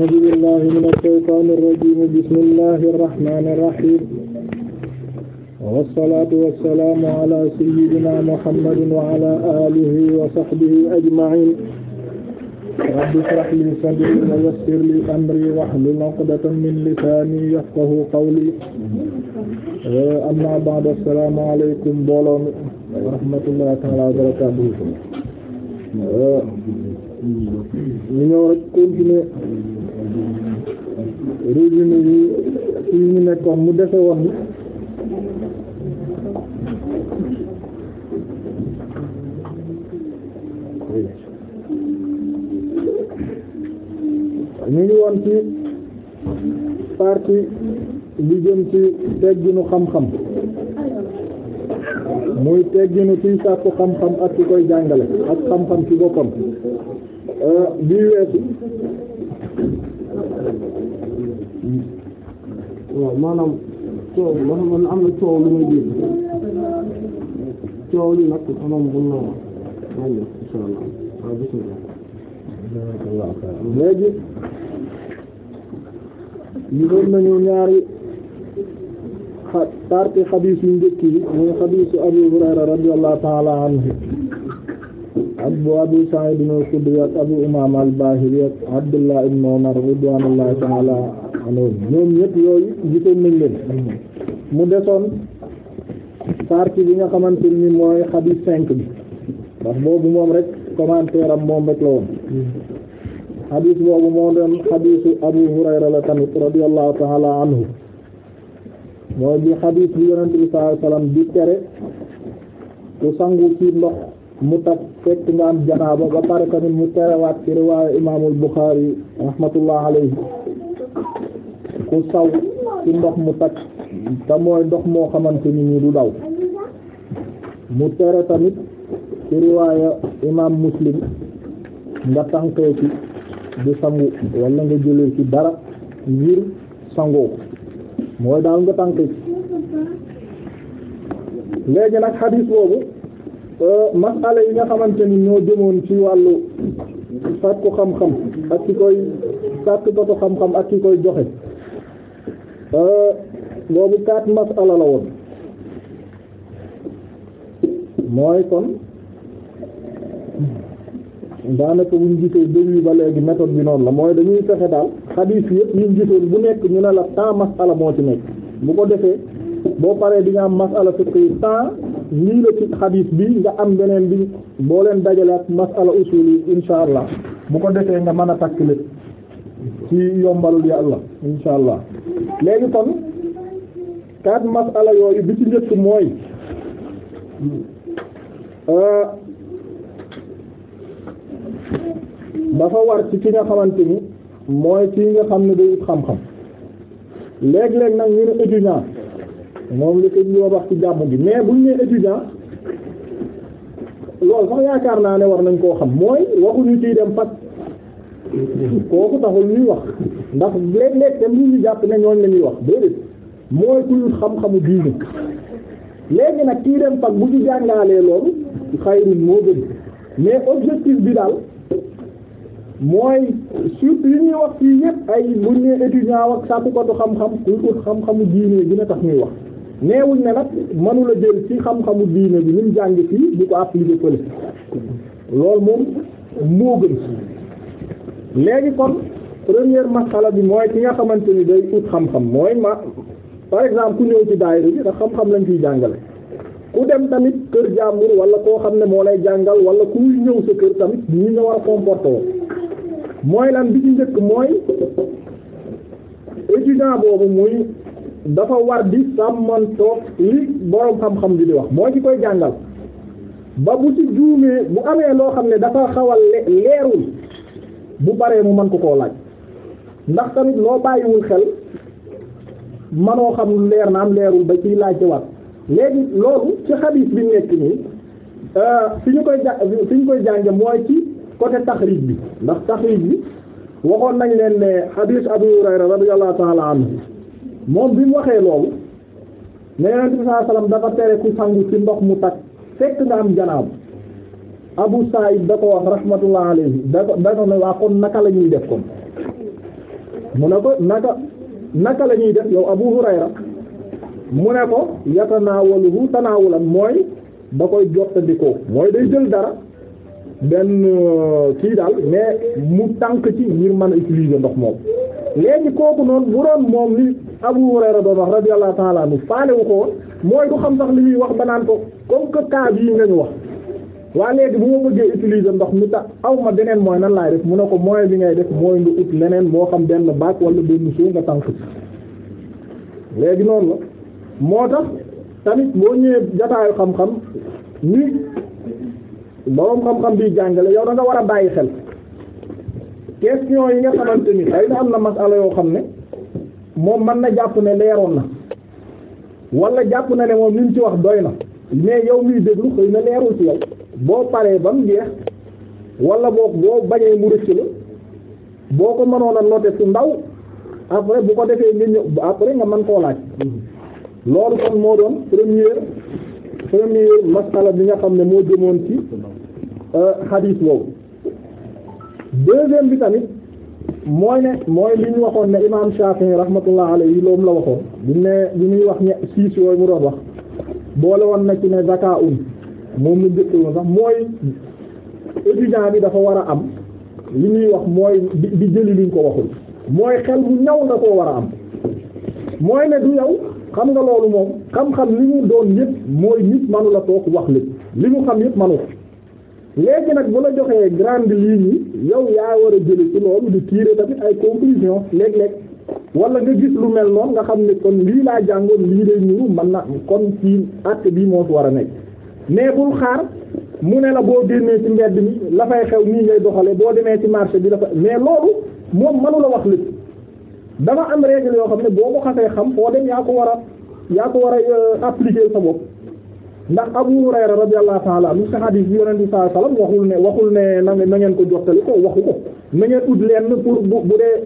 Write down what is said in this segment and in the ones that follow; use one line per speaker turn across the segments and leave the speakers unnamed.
أعوذ بالله من الشيطان الرجيم بسم الله الرحمن الرحيم والصلاة والسلام على سيدنا محمد وعلى آله وصحبه أجمعين رب اشرح لي صدري ويسر لي أمري واحلل عقدة من لساني يفقه قولي أما بعد السلام عليكم mbooloo mi warahmatullahi taala wa barakatuh ñu ñëw rek continuer résumé yi ci ñu nekkoon mu defe woon ñu ngi woon ci partie bi jëm ci tegginu xam-xam muy tegginu ciy sàkku xam-xam ak ki koy jàngale ak xam-xam ci boppam bii weesu waaw maanaam coow man am na coow lu may dégg coow li nag xamam mën na wàññi insha Allah waaw bismillah léegi ñu doon nañu ñaari xa partie xadiis yu njëkk yi mooy xadiisu Abu Hurayra radiyallahu ta'ala anhu ak bu Abu Sa'id al-Khudri ak Abu Umama al-Bahili ak Abdullah ibn Umar radiyallahu ta'ala ñoom ñëpp yooyu gisoon nañ leen mu desoon partie bi nga xamante ni mooy xadis cinq bi ndax boobu moom rek commentaire am moom rek la woon xadis boobu moo doon xadisu Abu Hurayra la tamit radiyallahu ta'ala mooy bi xadis bi yonent bi sallallahu di tere ku sangu ci ndox mu takk fekk nga am janaaba ba pare tamit mu terewaat ci riwaaya imaamul Bukhari rahmatullah alayhi ku saw ci ndox mu takk te mooy ndox moo xamante ni nii du daw mu tere tamit ci riwaaya imaam muslim nga tànkee ci di sangu wala nga jëlee ci dara ngir sangoo ko mooy daal nga tànkee ci léegi nag xadiis boobu euh, masala yi nga xamante ni ñoo jëmoon ci wàllu sàkku xam-xam ak ki koy sàkku ko xam-xam ak ki koy joxe boobu euh, quatre masala la woon mooy kon daanaka bu ñu gisee début ba léegi méthode bi noonu la mooy dañuy fexe daal xadiis yëpp ñu gisoon bu nekk ñu ne la temps masala moo ci nekk bu ko defee boo paree di nga am masala fiqh yi temps lii la ci xadiis bi nga am beneen bi boo leen dajale ak masala usul yi insha allah bu ko defee nga man a takk lépp ci yombalul yàlla insha allah léegi kon quatre masala yooyu bi ci njëkk mooy euh, dafa war ci ki nga xamante ni mooy ki nga xam ne day xam-xam léeg-léeg nag ñu ne moom li ko ñu wax ci jàmm gi mais buñ nee étudiant loolu sax yaakaar naa ne war nañ koo xam mooy waxuñu ciy dem fat kooku taxul ñuy wax ndax léeg-léeg te lii ñu jàpp ne ñooñ la ñuy wax déedéet mooy kuy xam-xamu diine léegi nag kii dem pag bu ci jàngaalee loolu xayrun moo gën mais objectif bi daal mooy surtout yi ñuy wax fii yëpp ay bu ñu nee étudiant ak sàkkukatu xam-xam kuy ut xam-xamu diine dina tax ñuy wax neewuñ ne nag mënula jël ci xam-xamu diine bi ñu jàng fii di ko appliquer fële loolu moom moo gën léegi kon première masala bi mooy ki nga xamante ni day ut xam-xam mooy ma par exemple ku ñëw ci daayira bi ndax xam-xam lañ ciy jàngale ku dem tamit kër jàmbur wala koo xam ne moo lay jàngal wala ku ñëw sa kër tamit ñu nga war a comporté woo mooy lan bi ci njëkk mooy étudiant boobu muy dafa war di sàmmantoog li borom xam-xam bi di wax mooy ci koy jàngal ba bu ci juumee bu amee loo xam ne dafa xawal leerul bu baree mu mën ko koo laaj ndax tamit loo bàyyiwul xel manoo xam leer na am leerul da ciy laajte waat léegi loolu ci xadiis bi nekk nii euh, fi ñu koy ja fi ñu koy jànge mooy ci côté taxriij bi ndax taxriij bi waxoon nañ leen ne xadiis Abu Hurayra radiyallahu ta'ala anhu moom bi mu waxee loolu ne Yonent bi sallallahu alayhi dafa tere ku sangu ci ndox mu takk fekk nga am janaab Abu Sa'id da ko wax rahmatullah alayhi da ko da ko ne waa kon naka la ñuy def kon mu ne ko naka naka la ñuy def yow Abu Hurayra mu ne ko yatanaawaluhu tanaawulan mooy da koy jottandikoo mooy day jël dara benn euh, kii daal mais mu tànk ci ngir mën a utiliser ndox moom léegi kooku noonu bu doon moom li Abu Hurayra doon wax radiyallahu ta'ala anhu faalewu ko woon mooy du xam sax li ñuy wax ba naan ko comme que cas bii nga ñu wax waa léegi bu ma bëggee utiliser ndox mi tax aw ma beneen mooy nan laay rek mu ne ko moyen bi ngay def mooy nga ut leneen moo xam benn baak wala benn suuf nga tànk léegi noonu la moo tax tamit boo ñëwee jataayu xam-xam ni boroom xam-xam bi jàngale yow da nga war a bàyyi xel question yi nga xamante ni xëy na am na masala yoo xam ne moom man na jàpp ne leeroon na wala jàpp na ne moom li mu ci wax doy na mais yow miy déglu xëy na leerul ci yow boo paree ba mu jeex wala boo boo bañee mu rëcc la boo ko mënoon a noter su ndaw après bu ko defee nga ñëw après nga mën koo laaj loolu kon moo doon première première masala bi nga xam ne moo jëmoon ci euh, xadiis wow deuxième bi tamit mooy ne mooy li ñu waxoon ne imaam Shafi'i rahmatullah alayhi loolu la waxoon bu ne bi muy wax ñe siis yooyu mu doon wax boole woon na ci ne zakaun moom la njëkk woon sax mooy étudiant bi dafa war a am li ñuy wax mooy di di jëli luñ ko waxul mooy xel bu ñaw na koo war a am mooy ne du yaw xam nga loolu moom xam-xam li mu doon yëpp mooy nit manu la toog wax lépp li mu xam yëpp manu ko léegi nag bu la joxee grande ligne yi yow yaa war a jële ci loolu di tirer tamit ay conclusion léeg-léeg wala nga gis lu mel noonu nga xam ne kon lii laa jàngoon lii lay ñuru man na kon ci acte bii moo fi war a nekk mais bul xaar mu ne la boo génnee ci mbedd mi la fay xew nii ngay doxale boo demee ci marché bi la fa mais loolu moom mënu la wax lépp dafa am règle yoo xam ne boo ko xasee xam foo dem yaa ko war a yaa ko war a euh, appliquer sa bopp ndax Abu Hurayra radiyallahu ta'ala anhu ci hadith bi yonent bi sallallahu alayhi wasallam waxul ne waxul ne na ngeen ko jottali ko waxu ko na ngeen ut lenn pour bu bu dee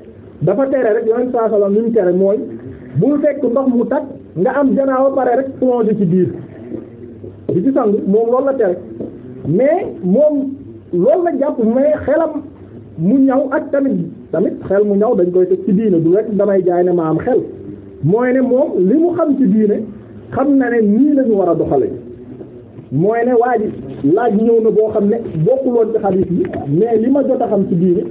dafa tere rek yonent bi sallallahu alayhi wasallam mu tere mooy bul fekk ndox mu tag nga am janaaw ba pare rek plongé ci biir di ci sangu moom loolu la tere mais moom loolu la jàpp mais xelam mu ñaw ak tamit tamit xel mu ñaw dañ koy teg ci diine du rek damay jaay ne ma am xel mooy ne moom li mu xam ci diine xam na ne nii lañu war a doxale mooy ne waa laaj ñëw na boo xam ne bokkuloon ci xadiis bi mais li ma jot a xam ci diine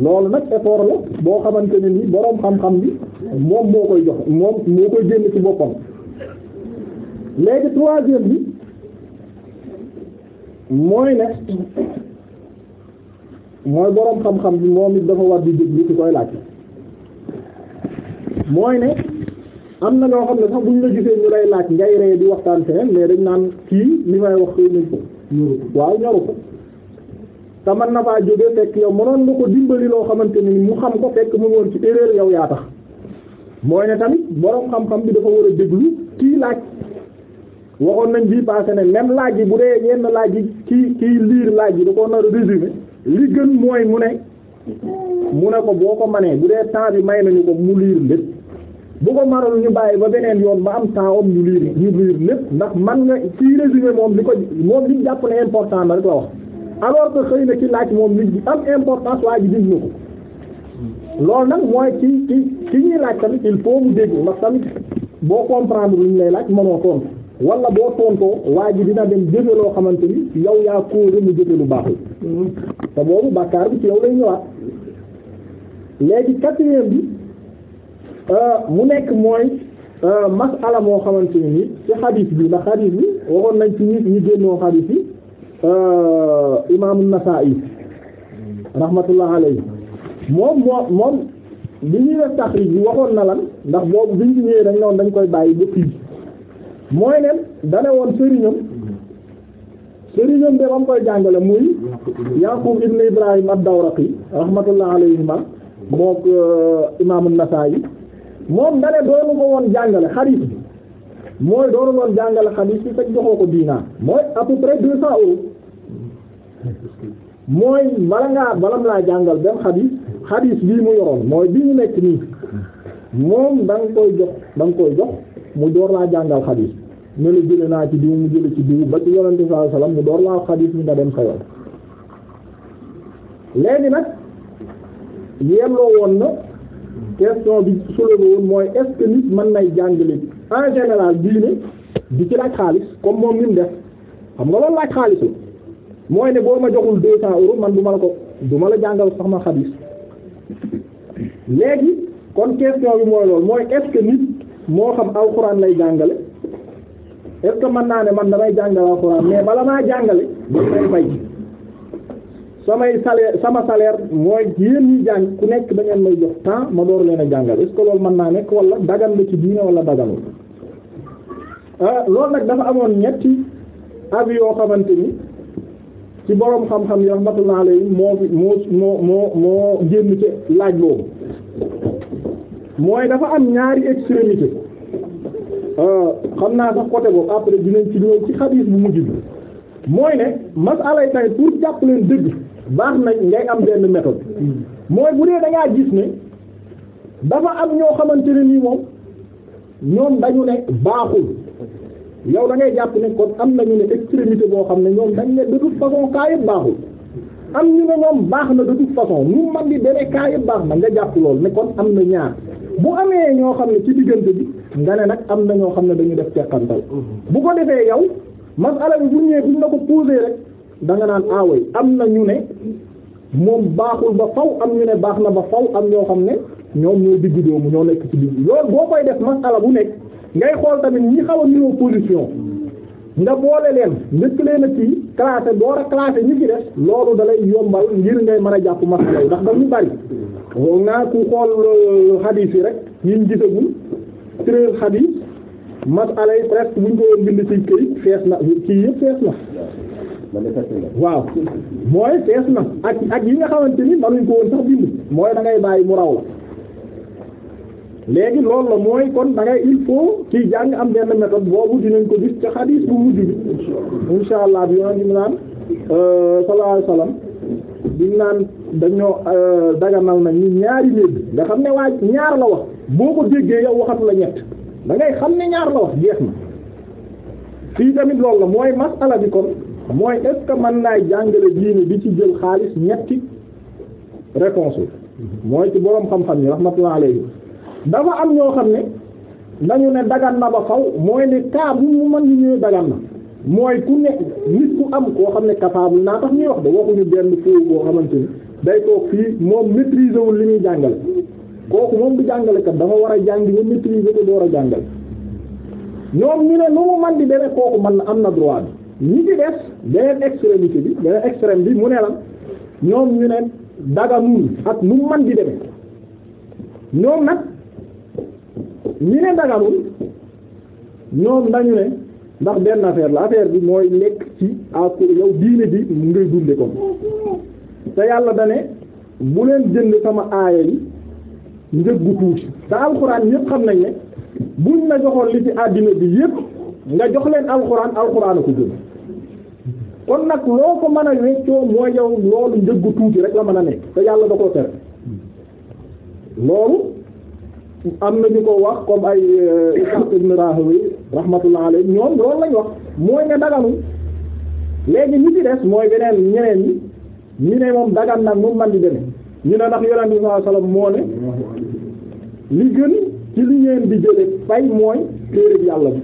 loolu nag effort boo xamante ne ni boroom xam-xam bi moom moo koy jox moom moo koy génn ci boppam léegi troisième bi mooy ne mooy boroom xam-xam bi moom it dafa war di déglu ci koy laaj mooy ne am na ñoo xam ne sax ñu la gisee ñu lay laaj ngay ree di waxtaan feneen mais dañ naan kii li may wax xëy nañ ko waaw ñoru ko te mën na faa jógee fekk yow mënoon nga ko dimbali loo xamante ni mu xam ko fekk mu woon ci erreur yow yaa tax mooy ne tamit boroom xam-xam bi dafa war a déglu kii laaj waxoon nañ bii passé ne même laaj yi bu dee yenn laaj yi ki kii liir laaj yi da koo nar a résumé li gën mooy mu ne mu ne ko boo ko manee bu dee temps bi may nañu ko mu liir lépp bu ko maral ñu bàyyi ba beneen yoon ba am temps am ñu liir ñu lépp ndax man nga kii résumé moom li ko moom li jàpp ne important na rek la wax alors que xëy na ki laaj moom li am importance waa ji dig na ko loolu nag mooy ci ki ki ñuy laaj tamit il faut mu dégg ndax tamit boo comprendre lu ñu lay laaj mënoo tontu wala boo tontoo waa ji dina dem jëfe loo xamante ni yow yaa kóore mu jëfe lu baaxul te boobu bàkkaar bi ci yow lay ñëwaat léegi quatrième bi euh, mu nekk mooy euh, masala moo xamante ni ci xadiis bi ndax xadiis bi waxoon nañ ci nit ñi génnoo xadiis yi euh, imaamu Nasaa'i rahmatullah alayhi moom moom moom bi ñuy waxoon na lan ndax boobu biñ ci ñëwee dañ ne dañ koy bàyyi ba fii mooy nen dana woon sëriñam sëriñam de ba mu koy jàngale muy Yaqub ibn Ibrahim ad-Dawraqi rahmatullah alayhima mook euh, imaam an-Nasa'i moom dane doonu ko woon jàngale xarit bi mooy doonu woon jàngale xarit bi mu yoroon mooy bii ñu nekk nii moom da koy jox da koy jox mu door laa jàngal xadis ne la jële naa ci diw mu jële ci diw ba ci yonente bi sallallahu alayhi wasallam mu door laa xadis bi nga dem sa yoon léegi nag yelloo woon na question bi soulevé woon mooy est nit mën nay jàngale en général diine di ci laaj xaalis comme moom nim def xam nga loolu laaj xaalis la mooy ne boo ma joxul deux cents euros man du la ko du ma la jàngal sax ma xadis léegi kon question bi mooy loolu mooy est nit moo xam alxuraan lay jàngale est-ce mën naa ne man damay jàngale alxuraan mais bala maa jàngale dañ may fay samay salaire sama salaire mooy yéen ñi jàng ku nekk da may jox temps ma door leen a jàngale est loolu mën naa nekk wala dagan la ci diine wala daganul ah, loolu nag dafa amoon ñetti avis yoo xamante ni ci boroom xam-xam yi rahmatullah alayhi moo fi moo moo moo moo génn ci laaj boobu mooy dafa am ñaari extrémité Euh, xam naa sax côté boobu après dinañ ci ñëw ci xadiis bu mujj bi mooy ne masalay tay pour jàpp leen dëgg baax nañ ngay am benn méthode mooy bu dee da gis ne dafa am ñoo xamante ne nii moom ñoom dañu ne baaxul yow da ngay jàpp ne kon am nañu ne extrémité boo xam ne ñoom dañ ne de toute façon kaa yëpp baaxul am ñu ne ñoom baax na de toute façon mu man di dene kaa yëpp baax na nga jàpp lool ne kon am na ñaar bu amee ñoo xam ne ci diggante bi nga ne nag am na ñoo xam ne dañu def teqantal mhm. bu ko defee yow masala bi bu ñëwee bu la ko posé rek da nga naan aaway ah am na ñu ne moom baaxul ba faw am ñu ne baax na ba faw am ñoo xam ne ñoom ñoo digg doomu ñoo nekk ci digg lool boo koy def masala bu nekk ngay xool tamit ñi xaw a niroo position nga boole leen njëkk leen a kii classé door a classé ñi ci des loolu dalay yombal ngir ngay man a jàpp masala yi ndax daf ñu bari woo naa ku xool xadiis euh, yi rek ñun gisagul treize xadiis masala yi presque buñ ko woon bind ci këyit fees na kii yëpp fees na waaw mooy fees na ak ak yi nga xamante ni manuñ ko woon sax bind mooy da ngay bàyyi mu raw la léegi loolu la mooy kon da ngay kiy jàng am benn méthode boobu dinañ ko gis ca xadiis bu mujj bi insha allah bi yoon ñu naan euh, sallallahu alayhi wasallam di naan dañoo euh, daganal na ñu ñaari léegi nga xam ne waa ñaar la wax boo ko déggee yow waxatu la ñett da ngay xam ne ñaar la wax jeex na fii tamit loolu la mooy masala bi kon mooy est-ce que mën naay jàngale diine bi ci jël xaalis ñetti réponse mooy ci boroom xam-xam yi rahmatullah alayhi dafa am ñoo xam ne dañu ne dagan na ba faw mooy ne kaabu bu mu mën ñu ñëwee dagan na mooy ku nekk nit ku am koo xam ne capable naa tax ñuy wax de waxuñu benn foofu boo xamante ni day toog fii moom maîtriser wul li muy jàngale kooku moom du jàngalekat dafa war a jàng ba maîtriser ko war a jàngale ñoom ñu ne nu mu man di demee kooku man na am na droit bi ñi ci des beneen extrémité bi beneen extrême bi mu ne la ñoom ñu ne daganul ak nu mu man di demee ñoom nag ñi ne daganul ñoom dañu ne ndax benn affaire la affaire bi mooy lekk ci ak yow diine bi ngay dunde ko te yàlla da ne bu leen jënd sama aaya yi gu tuuti te alxuraan ñépp xam nañ ne buñ la joxoon li ci àddina bi yépp nga jox leen alxuraan alxuraan a ko jënd kon nag loo ko mën a weccoo mooy yow loolu njëggu tuuti rek la mën a nekk te yàlla da koo tere loolu am na ñu ko wax comme ay euh, Ishaq ibn rahmatullah alayhi ñoom loolu lañ wax mooy ne daganu léegi ñu ci des mooy beneen ñeneen yi ñu ne moom dagan nag moom man di deme ñu ne ndax yonent bi sallallahu alayhi wasallam moo ne li gën ci li ngeen di jële fay mooy téere bi yàlla bi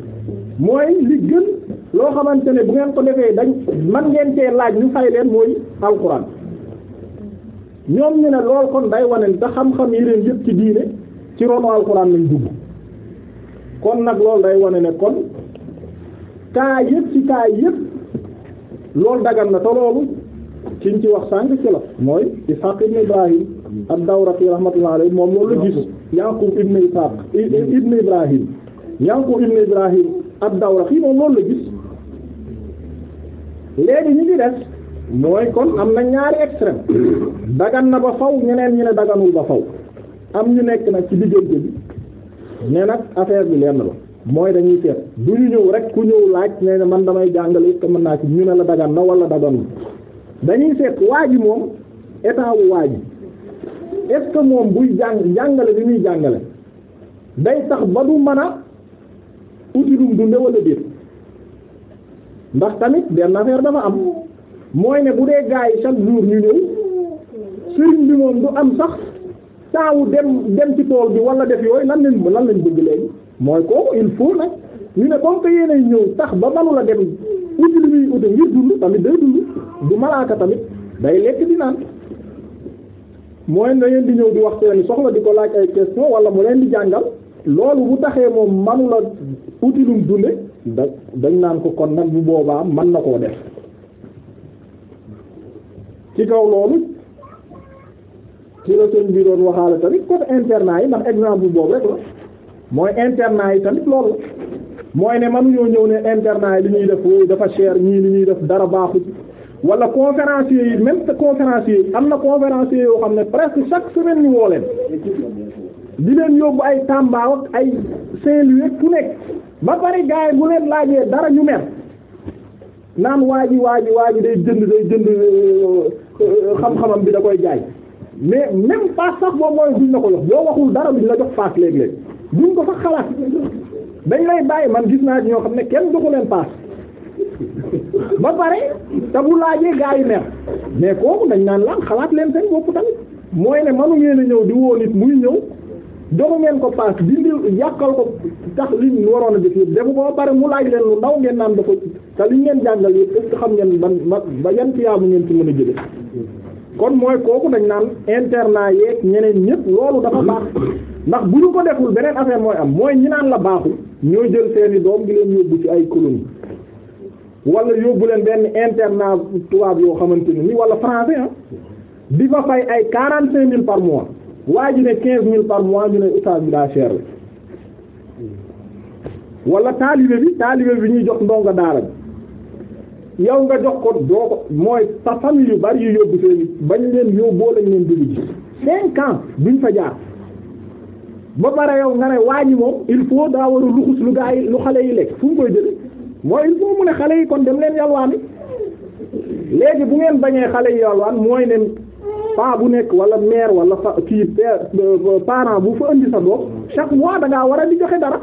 mooy li gën loo xamante ne bu ngeen ko defee dañ man ngeen cee laaj ñu fay leen mooy alxuraan ñoom ñu ne lool kon day wane te xam-xam yi leen yëpp ci diine ci ronu alxuraan lañ dugg kon nag loolu day wane ne kon kaa yëpp ci kaa yëpp loolu dagan na te loolu ciñ ci wax sànq ci la mooy Ishaq ibn Ibrahim ad-Dawraqi rahmatullahi moom loolu la gis Yaqub ibn Ishaq ibn Ibrahim Yaqub ibn Ibrahim ad moom loolu la gis léegi ñu ngi des mooy kon am na ñaari extrême dagan na ba faw ñeneen ñi ne daganul ba faw am ñu nekk nag ci diggante bi ne nag affaire bi lenn la mooy dañuy seet du ñu ñëw rek ku ñëw laaj nee na man damay jàngale it mën naa ci ñu ne la dagan na wala dagan dañuy seet waa ji moom état wu waa ji est moom buy jàng jàngale bi ñuy jàngale day tax ba du mën a uti dum dunde wala déet ndax tamit benn affaire dafa am mooy ne bu dee gaa yi chaque jour ñu ñëw sëriñ bi moom du am sax. taawu dem dem ci tool bi wala def yooyu lan lañ lan lañ bëgg léegi mooy kooku il faut nag ñu ne comme que yéenay ñëw tax ba manu la dem uti li muy uti ngir dund tamit day dund du malaaka tamit day lekk di naan mooy nga leen di ñëw di wax seen soxla di ko laaj ay question wala mu leen di jàngal loolu bu taxee moom manu la uti da dañ naan ko kon nag bu boobaa man na koo def ci kaw loolu ci la sëñ bi doon waxaale tamit côté internat yi ndax exemple boobu rek la mooy internat yi tamit loolu mooy ne mënuñoo ñëw ne internat yi li ñuy def dafa cher ñii li ñuy def dara baaxu wala conférenciers yi même conférenciers yi am na conférenciers yoo xam ne presque chaque semaine ñu woo leen di leen yóbbu ay Tamba ak ay Saint-Louis ku nekk ba pare gars yi bu leen laajee dara ñu mer naan waa ji waa ji waa day jënd day jënd euh, euh, xam-xamam bi koy jaay. mais même paas sax moom mooy duñ na ko jox boo waxul dara duñ la jox paas léeg-léeg duñ ko sax xalaat dañ lay bàyyi man gis naa ñoo xam ne kenn joxu leen paas ba pare te bu laajee gaa yi mer mais kooku dañ naan lan xalaat leen seen bopp tamit mooy ne manu ngeen a ñëw di woo nit muy ñëw joxu ngeen ko paas dindi yàqal ko tax liñ waroon a def yëpp defu ko pare mu laaj leen lu ndaw ngeen naan da ko te liñ ngeen jàngal yëpp est-ce que xam ngeen ban ba yan tiyaabu ngeen ci mën a jëlee. kon mooy kooku dañ naan internat yeeg ñeneen ñëpp loolu dafa baax ndax bu ñu ko deful beneen affaire mooy am mooy ñi naan la baaxul ñoo jël seeni doom gi leen yóbbu ci ay colonie wala yóbbu leen benn internat tubaab yoo xamante ne ni wala français ah. di fa fay ay quarante cinq mille par mois waa ji ne quinze mille par mois ñu ne état bi daa cher wala taalibe bi taalibe bi ñuy jox ndongo daara yow nga jox ko doo ko mooy sa famille yu bari yu yóbbu seen bañ leen yóbboo lañ leen déglu cinq ans duñ fa jaar ba pare yow nga ne waa ñi moom il faut daa war a luxus lu gaa yi lu xale yi lekk fu mu koy jëlee mooy il faut mu ne xale yi kon dem leen yalwaani léegi bu ngeen bañee xale yi yalwaan mooy ne paa bu nekk wala mère wala fa kii euh, parent bu fa indi sa doom chaque mois da war a di joxe dara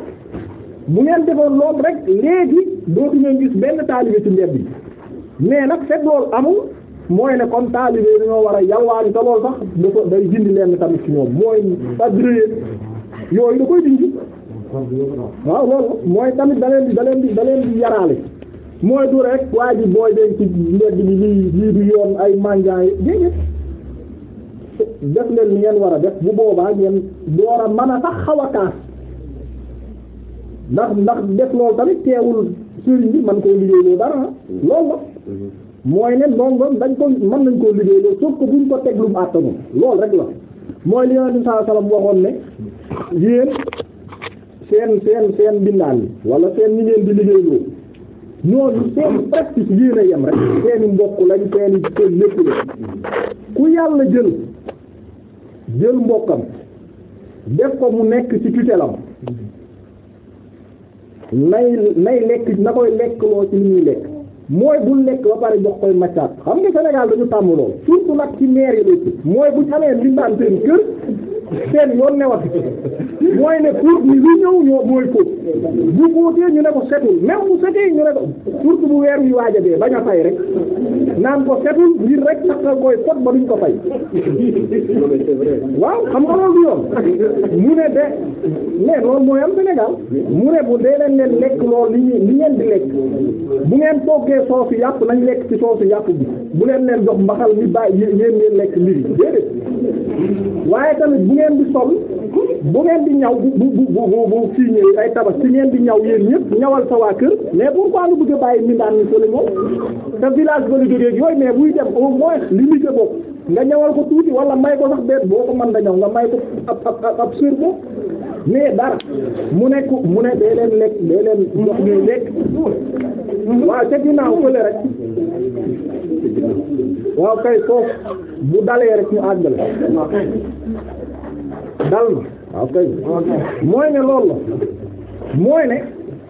bu ngeen defoon loolu rek léegi dootu ngeen benn taalibe bi. mais nag fekk loolu amul mooy ne kon taalibe dañoo war a yalwaani te loolu sax dafa day dindi leen tamit ci ñoom mooy adré yooyu da koy dindi waaw loolu mooy tamit da leen di da leen di da leen di yaraale mooy du rek waa ji booy den ci mbedd bi lii lii du yoon ay manjaay déedéet def leen li ngeen war a def bu boobaa ngeen door man a sax xaw a kaas ndax ndax def loolu tamit teewul sëriñ bi man koo liggéey doo dara loolu la mooy ne ndongoom dañ ko man nañ koo liggéey loo soog ko buñ ko teg lu mu àttanu loolu rek la mooy li Yonent bi waxoon ne yéen seen seen seen bindaan yi wala seen ñi ngeen di liggéey loo ñooñu seen pratique yéen a yem rek seen mbokk lañ seen i seen lépp la ku yàlla jël jël mbokkam def ko mu nekk ci tutelam nay nay lekk na koy lekk loo ci li muy lekk mooy bul lekk ba pare jox koy maccaat xam nga Sénégal dañu tàmm lool surtout nag ci maire yi lépp mooy bu ñu amee limbaan seen kër seen yoon newati mooy ne pour ni lu ñëw ñoo mooy fóot bu fóotee ñu ne ko setul même bu setee ñu ne ko surtout bu weer wi waaj a dee bañ a fay rek naan ko setul ngir rek ndax nga koy pot ba duñ ko fay waaw xam nga loolu du yoon mu ne de mais loolu mooy am Sénégal mu ne bu dee leen leen lekk loolu li ngeen di lekk bu ngeen toggee soosu yàpp nañ lekk ci soosu yàpp bi bu leen leen jox mbaxal mi bàyyi yéen yéen lekk mbiri de waaye tamit bu ngeen di sol bu ngeen di ñaw bu bu bu bu fii ñëwee ay tabax ci ngeen di ñaw yéen ñëpp ñawal sa waa kër mais pourquoi lu bëgg a bàyyi mindaan ni soli moom te village ba la jógee yooyu mais buy dem au moins li mu jë bokk nga ñawal ko tuuti wala may ko sax benn boo ko mën da ñaw nga may ko ab ab ab sur bo mais dara mu nekk mu ne dee leen lekk dee leen jox ñuy lekk waaw ca ginnaaw fële rek waaw kay foofu bu dalee rek ñu àggale dal na waaw kay mooy ne loolu la mooy ne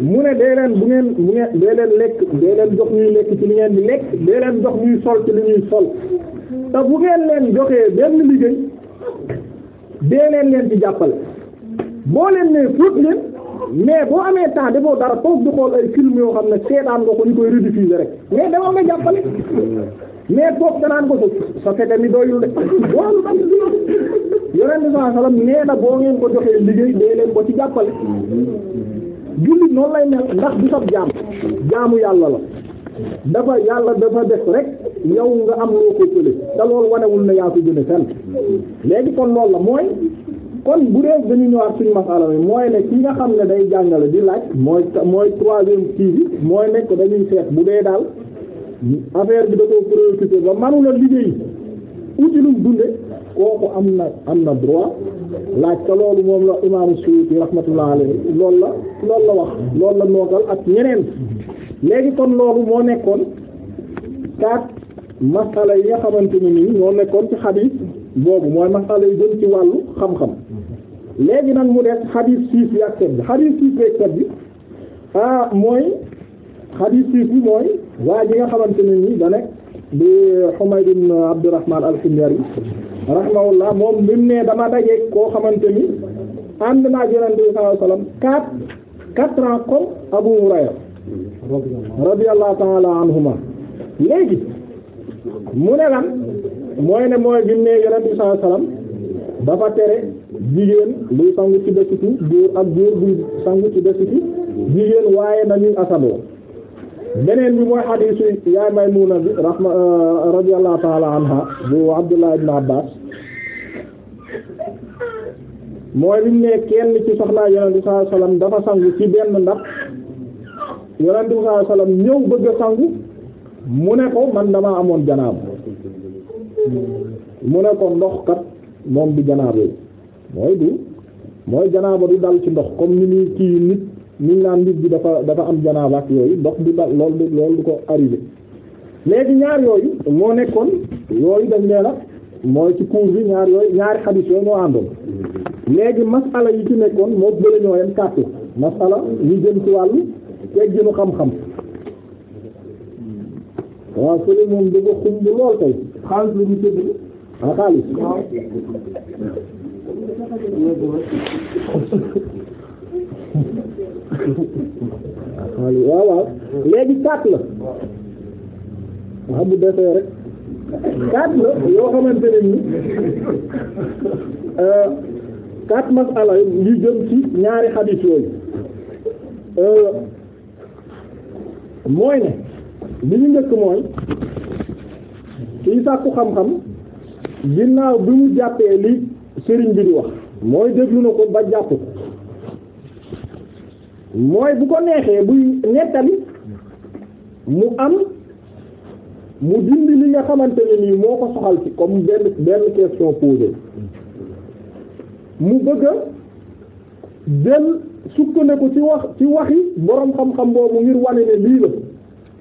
mu ne dee leen bu ngeen bu ngeen dee leen lekk dee leen jox ñuy lekk ci li ngeen di lekk dee leen jox ñuy sol ci li ñuy sol te bu ngeen leen joxee benn liggéey dee leen leen ci jàppale boo leen nee fóot leen mais boo amee temps defoo dara toog di xool ay film yoo xam ne seetaan nga ko ñu koy rediffuser rek mais dama nga jàppale mais toog danaan ko sa fete mi doyul de waaw lu tax yonent bi saa salaam nee na boo ngeen ko joxee liggéey dee leen ko ci jàppale jullit noonu lay mel ndax du sab jaam jaamu yàlla la dafa yàlla dafa def rek yow nga am loo ko jële te loolu wanewul na yaa ko jële fenn léegi kon loolu la mooy kon bu dee dañu ñëwaat suñu masala mi mooy ne ki nga xam ne day jàngale di laaj mooy mooy troisième kii bi mooy nekk dañuy seet bu dee daal affaire bi da koo préoccupé ba manula liggéey uti lum dunde kooku am na am na droit laaj te loolu moom la imaamu Suyuti rahmatullah alayhi loolu la loolu la wax loolu la nootal ak ñeneen léegi kon loolu moo nekkoon kaat masala yi nga xamante ni nii ñoo nekkoon ci xadiis boobu mooy masala yi jëm ci wàllu xam-xam léegi nag mu def xadiis six bi ak sept bi xadiis six bi ak bi ah, mooy xadiis six bi mooy waa ji nga xamante ne nii da nekk di Humayd ibn Abdurrahman al-Himyari moom bi mu ne dama daje koo xamante ni ànd naa Yonent bi sallallahu alayhi wasallam quatre quatre ans comme Abu Hurayra radiyallahu ta'ala anhuma léegi mu ne lan mooy ne mooy bi mu ne Yonent bi sallallahu alayhi wasallam dafa tere jigéen buy sangu ci desitu góor ak góor buy sangu ci desitu jigéen waaye nañuy asaloo beneen bi mooy xadiisu yaay Maymuna bi rahma euh, radiyallahu ta'ala bu Abdullah ibn Abbas mooy liñ ne kenn ci soxnaa yonent bi sallallahu alayhi dafa sangu ci benn ndax yonent bi sallallahu alayhi wasallam ñëw bëgg sangu mu ne ko man dama amoon janaab mu ne ko ndox kat moom bi janaab mooy du mooy janaaba du dal ci ndox comme ni muy kii nit ñu naan mbir bi dafa dafa am janaaba ak yooyu ndox du dal lool du lool du ko arrivé léegi ñaar yooyu moo nekkoon yooyu dañ nee la mooy ci cours bi ñaar yooyu ñaari xadiis yooyu ñoo àndoon léegi masala yi ci nekkoon moo bële ñoo yem kàttu masala ñu jëm ci wàllu tegginu xam-xam waaw fële moom dafa xumb lool tey xaalis waaw waaw léegi quatre la waaw bu rek quatre la yoo xamante ne ni euh, quatre masala yu jëm ci ñaari xadiis yooyu euh, mooy ne bi ñu njëkk mooy kiy sàkku xam-xam ginnaaw bi mu jàppee li sëriñ bi di wax mooy déglu na ko ba jàpp mooy bu ko neexee buy nettali mu am mu dind li nga xamante ne nii moo ko soxal ci comme benn benn question posée mu bëgg a jël ko ci wax ci waxi boroom xam-xam boobu ngir wane ne lii la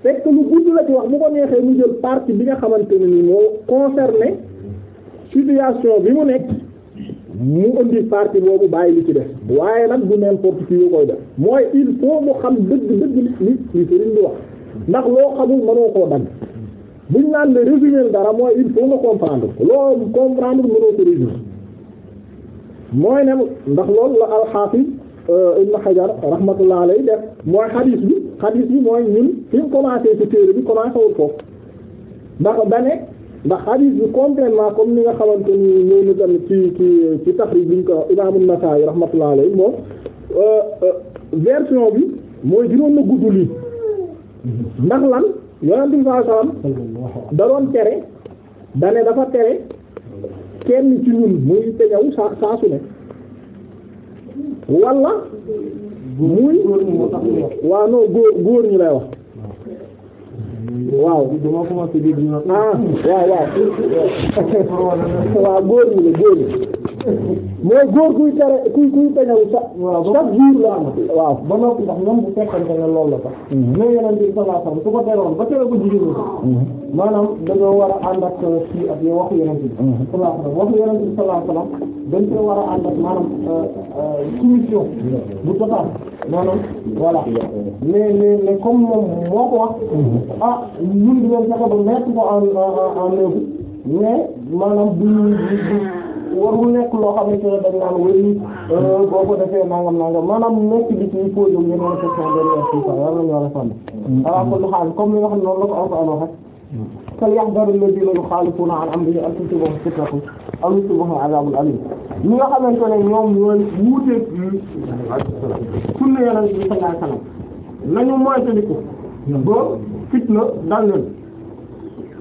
fekk lu gudd la ci wax bu ko neexee mu jël partie bi nga xamante ne nii moo concerné situation bi mu nekk. mu indi partie boobu bàyyi li ci def waaye nag du n'importe qui koy def mooy il faut mu xam dëgg dëgg li li sëriñ bi wax ndax loo xamul mënoo koo dagg buñ naan le dara mooy il faut nga comprendre loo comprendre mënoo ko résumer mooy ne ndax loolu la alxaafis euh, ibn Hajar rahmatullah alayhi def mooy xadiis bi xadiis bi mooy ñun fi mu commencé ci téere bi commencé wul foofu ndax da nekk ndax xadiis bi complètement comme ni nga xamante ni ñëw na tamit ci ci ci taxrij bi ñu ko Imaam An-Nasaa'i rahmatullahi alayhi moom euh, euh, version bi mooy gënoon na gudd lii ndax lan Yonent bi da doon tere da dafa tere kenn ci ñun muy peñaw saa saa su ne wala muy waaw non góor góor ñu lay wax. waaw dama commencé dégg ñu ah, waaw waaw waaw góor ñi la góor ñi mooy góor kuy tere kuy kuy peñaw sax chaque jour la am waaw ba noppi ndax ñoom bu fekkante ne loolu la sax hmm. mais yeneen bi sallallahu alayhi wasallam su ko teroon ba tere ko jigéen ñi sax hmm. maanaam dañoo war a ànd ak fii ak yow hmm. waxu yeneen bi sallallahu alayhi wasallam waxu yeneen bi sallallahu alayhi wasallam dañ ko war a ànd ak maanaam euh, euh, soumission bu total maanaam voilà mais mais mais comme moom moo ko wax ah ñun dinañ fexe ba mettre ko en en en œuvre mais maanaam bu ñu warul nekk loo xamante ne dañ naan wéy euh, boo ko defee nangam nangam maanaam nekk bi ci posé wu yeneen question dernière question war nañu war a sànni. Mm-hmm. ala kulli xaal comme li nga noonu la ko Alxuraan waxee. Mm-hmm. falyahdari lladiina yukhaalifuuna an amrihi an tusibahum fitnatun aw yusibahum azaabun aliim ñi ne ñoom ñooy wuuteeg sunna Yonent bi sallallahu alayhi wa sallam nañu moytandiku ba fitna dal leen.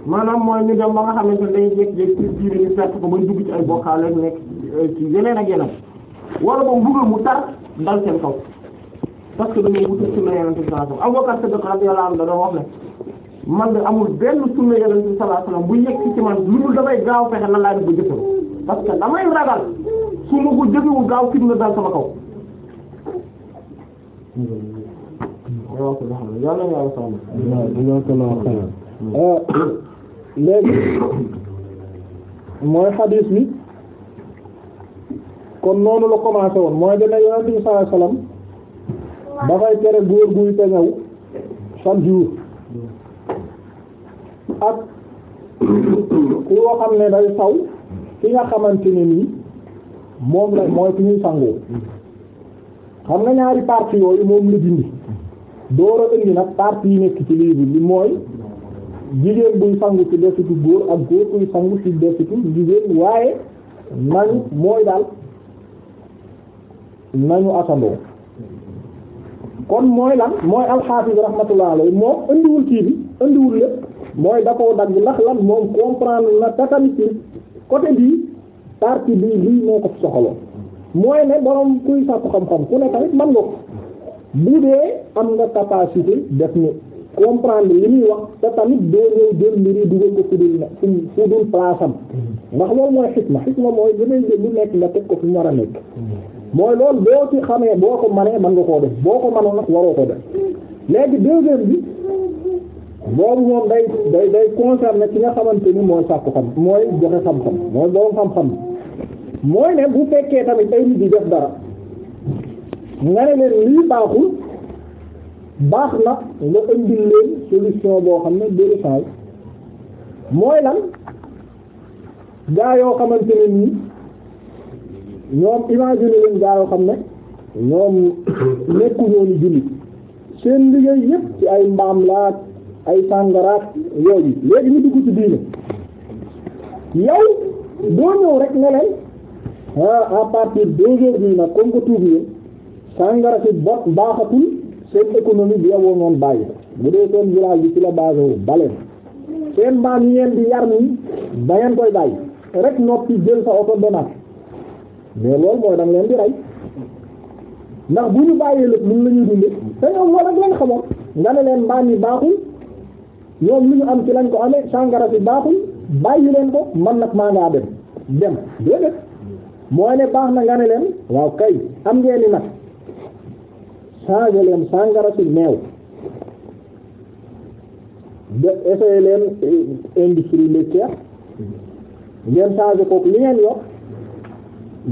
maanaam mooy ñu dem ba nga xamante ne dañuy jékki-jékki ci biir ñu fekk ko ba ñu dugg ci ay bokkaale ak nekk ci yeneen ak yeneen wala ba mbugal mu tar dal seen kaw parce que dañoo wutal sunna yeneen ci sallallahu alayhi wasallam Abubakar Siddiq radiyallahu anhu da wax ne man de amul benn sunna yeneen ci sallallahu bu yegg ci man lu dul damay gaaw fexe nan laa def ba jëfal que damay ragal su ma ko jëfewul gaaw fitna dal sama kaw. waaw waaw léegi mooy xadiis bi kon noonu la commencé woon mooy dana yonent bi sallallahu alayhi wasallam dafay tere góor guy peñaw chaque jour ak ku yoo xam ne day saw ki nga xamante ne nii moom la mooy ki ñuy sangoo xam nga ñaari parties yooyu moom la dindi door a indi nag parties yi nekk ci lii bi mooy jigéen buy sangu ci desitu góor ak góor buy sangu ci desitu jigéen waaye nañu mooy daal nañu asandoo kon mooy lan mooy alxaafis rahmatullah alayhi moom indiwul kii bi indiwul lépp mooy da koo dagg ndax lan moom comprendre na tatamit ci côté bii partie bii lii moo ko soxaloon mooy ne borom kuy sàkku xam-xam ku ne tamit man nga ko bu dee am nga capacité def ni comprendre li muy wax te tamit doo ñëw jël mbir yi dugal ko fu dul ne fu fu dul place am ndax loolu mooy xikma xikma mooy damay jël lu nekk nga teg ko fi mu war a nekk mooy loolu boo ci xamee boo ko mane mën nga koo def boo ko mënoon nag waroo ko def léegi deuxième bi boobu moom day day day concerné ki nga xamante ni mooy sàkku xam mooy joxe xam-xam mooy borom xam-xam mooy ne bu fekkee tamit ay nit di def dara nga ne leen lii baaxul. baax na nga indil leen solution boo xam ne vérifié mooy lan gaa yoo xamante ne nii ñoom imagine leen gaa yoo xam ne ñoom nekku ñoonu jullit seen liggéey yépp ci ay mbaam laat ay sàngaraat yooyu léegi ñu dugg ci diine yow doo ñëw rek ne leen ah à deux heures nag comme que tuub yéen sàngara si bot baaxatul seen économie bi yowoo noonu bàyyi bu dee seen village bi ci la basé wu baleen seen mbaam yi ngeen di yar nii ba ngeen koy bàyyi rek noppi jël sa oto demaat mais loolu mooy da nga leen di rey ndax bu ñu bàyyee lépp mën la ñuy dundee te ñoom loolu rek lañ xamoon nga ne leen mbaam yi baaxul ñoom lu ñu am ci lañ ko amee sàngara si baaxul bàyyi leen ko man nag maa ngaa dem dem déedéet mooy ne baax na nga ne leen waaw kay am ngeen ni nag. changé leen sàngara si meew de essayé leen eh, industrie laitière ngeen changé kook li ngeen yokk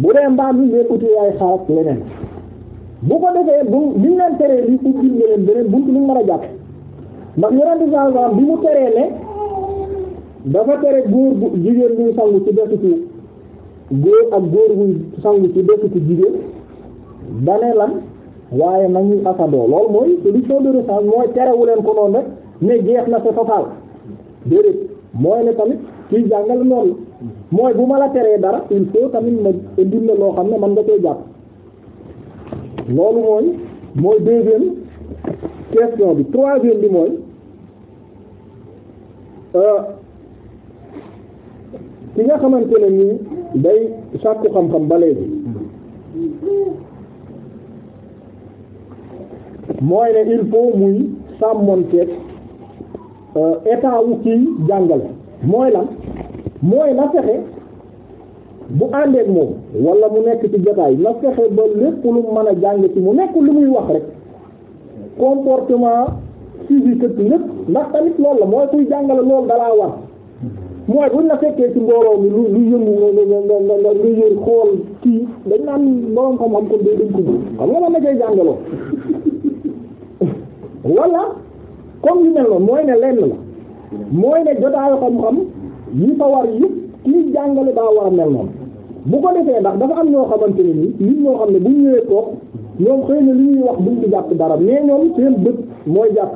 bu dee mbaam yi ngeen uti ay xaar leneen bu ko defee bu ñu leen teree li fu gil leen beneen buntu ñu a jàpp ndax yeneen di bi mu teree ne dafa tere góor bu jigéen buy sangu ci desitu góor ak góor buy sangu ci desitu jigéen dane lan waaye nañuy asandoo loolu mooy solution mooy terewu leen ko noonu rek mais jeex na c'est total déedéet mooy ne tamit kiy jàngale noonu mooy bu ma la teree dara il faut tamit ma indil la loo xam ne man nga koy jàpp loolu mooy mooy deuxième question bi troisième bi mooy euh, ki nga xamante ne nii day sàkku xam-xam ba léegi mooy ne il faut muy sàmmonteeg euh, état wu kii jàngale mooy la mooy na fexe bu àndeek moom wala mu nekk ci jotaay na fexe ba lépp lu mën a jàng ci mu nekk lu muy wax rek comportement physique ak lépp ndax tamit loolu la mooy kuy jàngale loolu dalaa war mooy buñ la fekkee ci mbooloo mi lu lu yëngu nga nga nga nga nga yër xool kii dañ naan borom xam-xam ko xam nga man na jàngaloo wala comme yu mel noonu mooy ne lenn la mooy ne jotaayu xam-xam yi fa war yëpp kii jàngale daa war a mel noonu bu ko defee ndax dafa am ñoo xamante ne nii nit ñoo xam ne bu ñu ñëwee toog ñoom xëy na li ñuy wax buñ ci jàpp dara mais ñoom seen bët mooy jàpp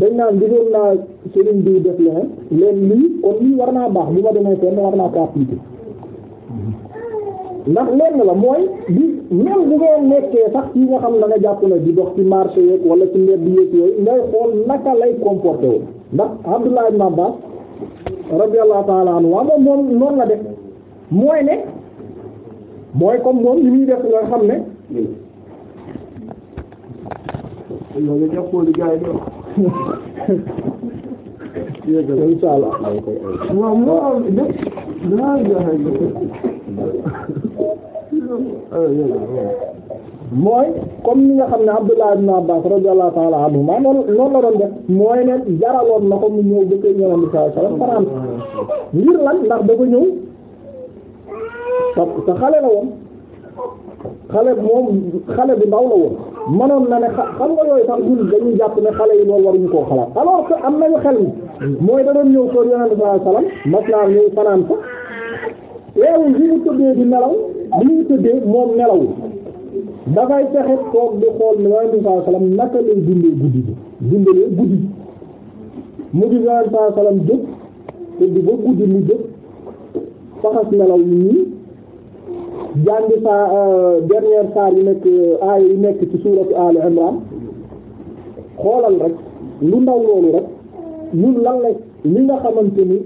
dañ naan gisoon naa sëriñ bi def leneen leen lii kon lii war naa baax bu ma demee seen war naa ko appliquer ndax lenn la mooy bi même bu ngeen nekkee sax yi nga xam da nga jàpp na di dox ci marché yeeg wala ci mbedd yeeg yooyu ngay xool naka lay comporté wu ndax Abdullah ibn Abbas radiyallahu ta'ala anhu waa moom moom noonu la def mooy ne mooy comme moom li muy def nga xam ne mooy comme ni nga xam ne Abdullah ibn Abbas radiyallahu ta'ala anhuma noonu noonu la doon def mooy ne jaraloon na ko mu ñëw dëkk ñëwam bi sallallahu alayhi wasallam ngir lan ndax dafa ñëw te xale la woon xale moom xale bu ndaw la woon manoon na ne xam nga yooyu sax ñun dañuy jàpp ne xale yi loolu waruñu koo xalaat alors que am nañu xel mi mooy da doon ñëw ko yonent bi sallallahu alayhi wasallam mas naa fanaan ko weeru bi mu tëddee di nelaw bi mu tëddee moom nelawul dafay fexe toog di xool ne Yonent bi sallallahu alayhi naka lay dundee guddi bi dundalee guddi mu gis Yonent bi sallallahu tëdd ba guddi mu jóg faxas nelaw yi nii jàngi saa euh, dernière saar yi nekk aaya yi nekk ci suuratu Ali Imran xoolal rek lu ndaw loolu rek ñun lan la li nga xamante ni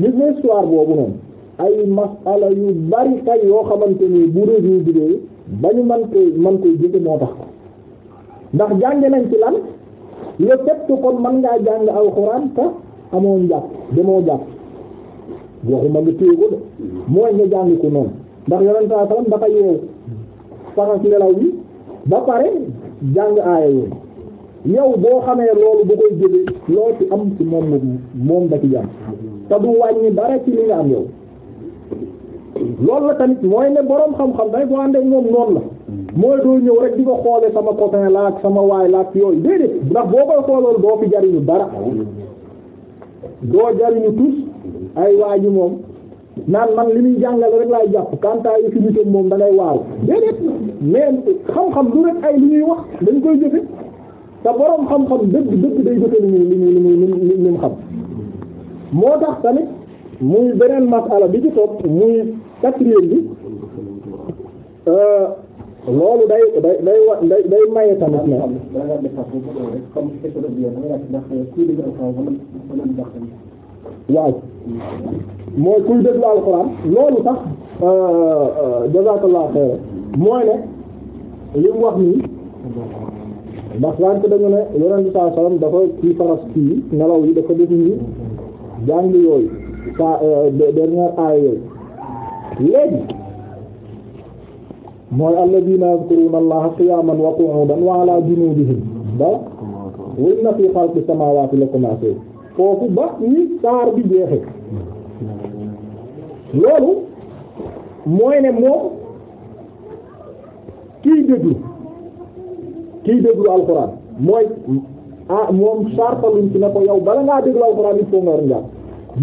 gis nga histoire boobu noonu ay masala yu bari tay yoo xamante ni bu résoudre ba ñu man koy man koy jëfe moo tax ndax jànge nañ ci lan le fait que man ngaa jàng alxuraan te amoo njàpp demoo jàpp waxuma nga téye ko de mooy nga jàng ko ndax yonent saa sallam dafa yeewu ba pare jàng aaya yooyu yow boo xamee loolu bu koy jëfe loo ci am ci moom moom da ci jàpp te du wàññi dara ci li nga am yow loolu la tamit mooy ne boroom xam-xam day boo àndee moom noonu la mooy doo ñëw rek di ko xoole sama copain la ak sama waay la ak yooyu déedéet ndax boo koy xoolool doo fi jariñu dara doo jariñu tus ay waa ji moom naan man li muy jàngale rek laay jàpp kantaa utilité moom da ngay waaw déedéet mais xam-xam du rek ay li ñuy wax dañ koy jëfe te boroom xam-xam dëgg dëgg day jëfe li muy li muy li muy xam moo tax tamit muy beneen masala bi ci topp muy quatrième bi euh, loolu day day day wa day day maye tamit ne waaw mooy kuy déglu alxuraan loolu sax euh, euh, jazakallah xayr mooy ne li wax nii ndax wante dañu ne yonent bi dafa ci faras kii nelaw yi dafa def nii jàng yooyu sa dernière aaya yooyu léegi mooy alladina yadhkuruna allaha qiyaman wa qu'udan wa ala junubihim ba wëy la commencé foofu saar bi jeexe loolu mooy ne moom kiy déglu kiy déglu alxuraan mooy ah moom sartaluñ ci ne ko yow bala ngaa déglu alxuraan il faut nga war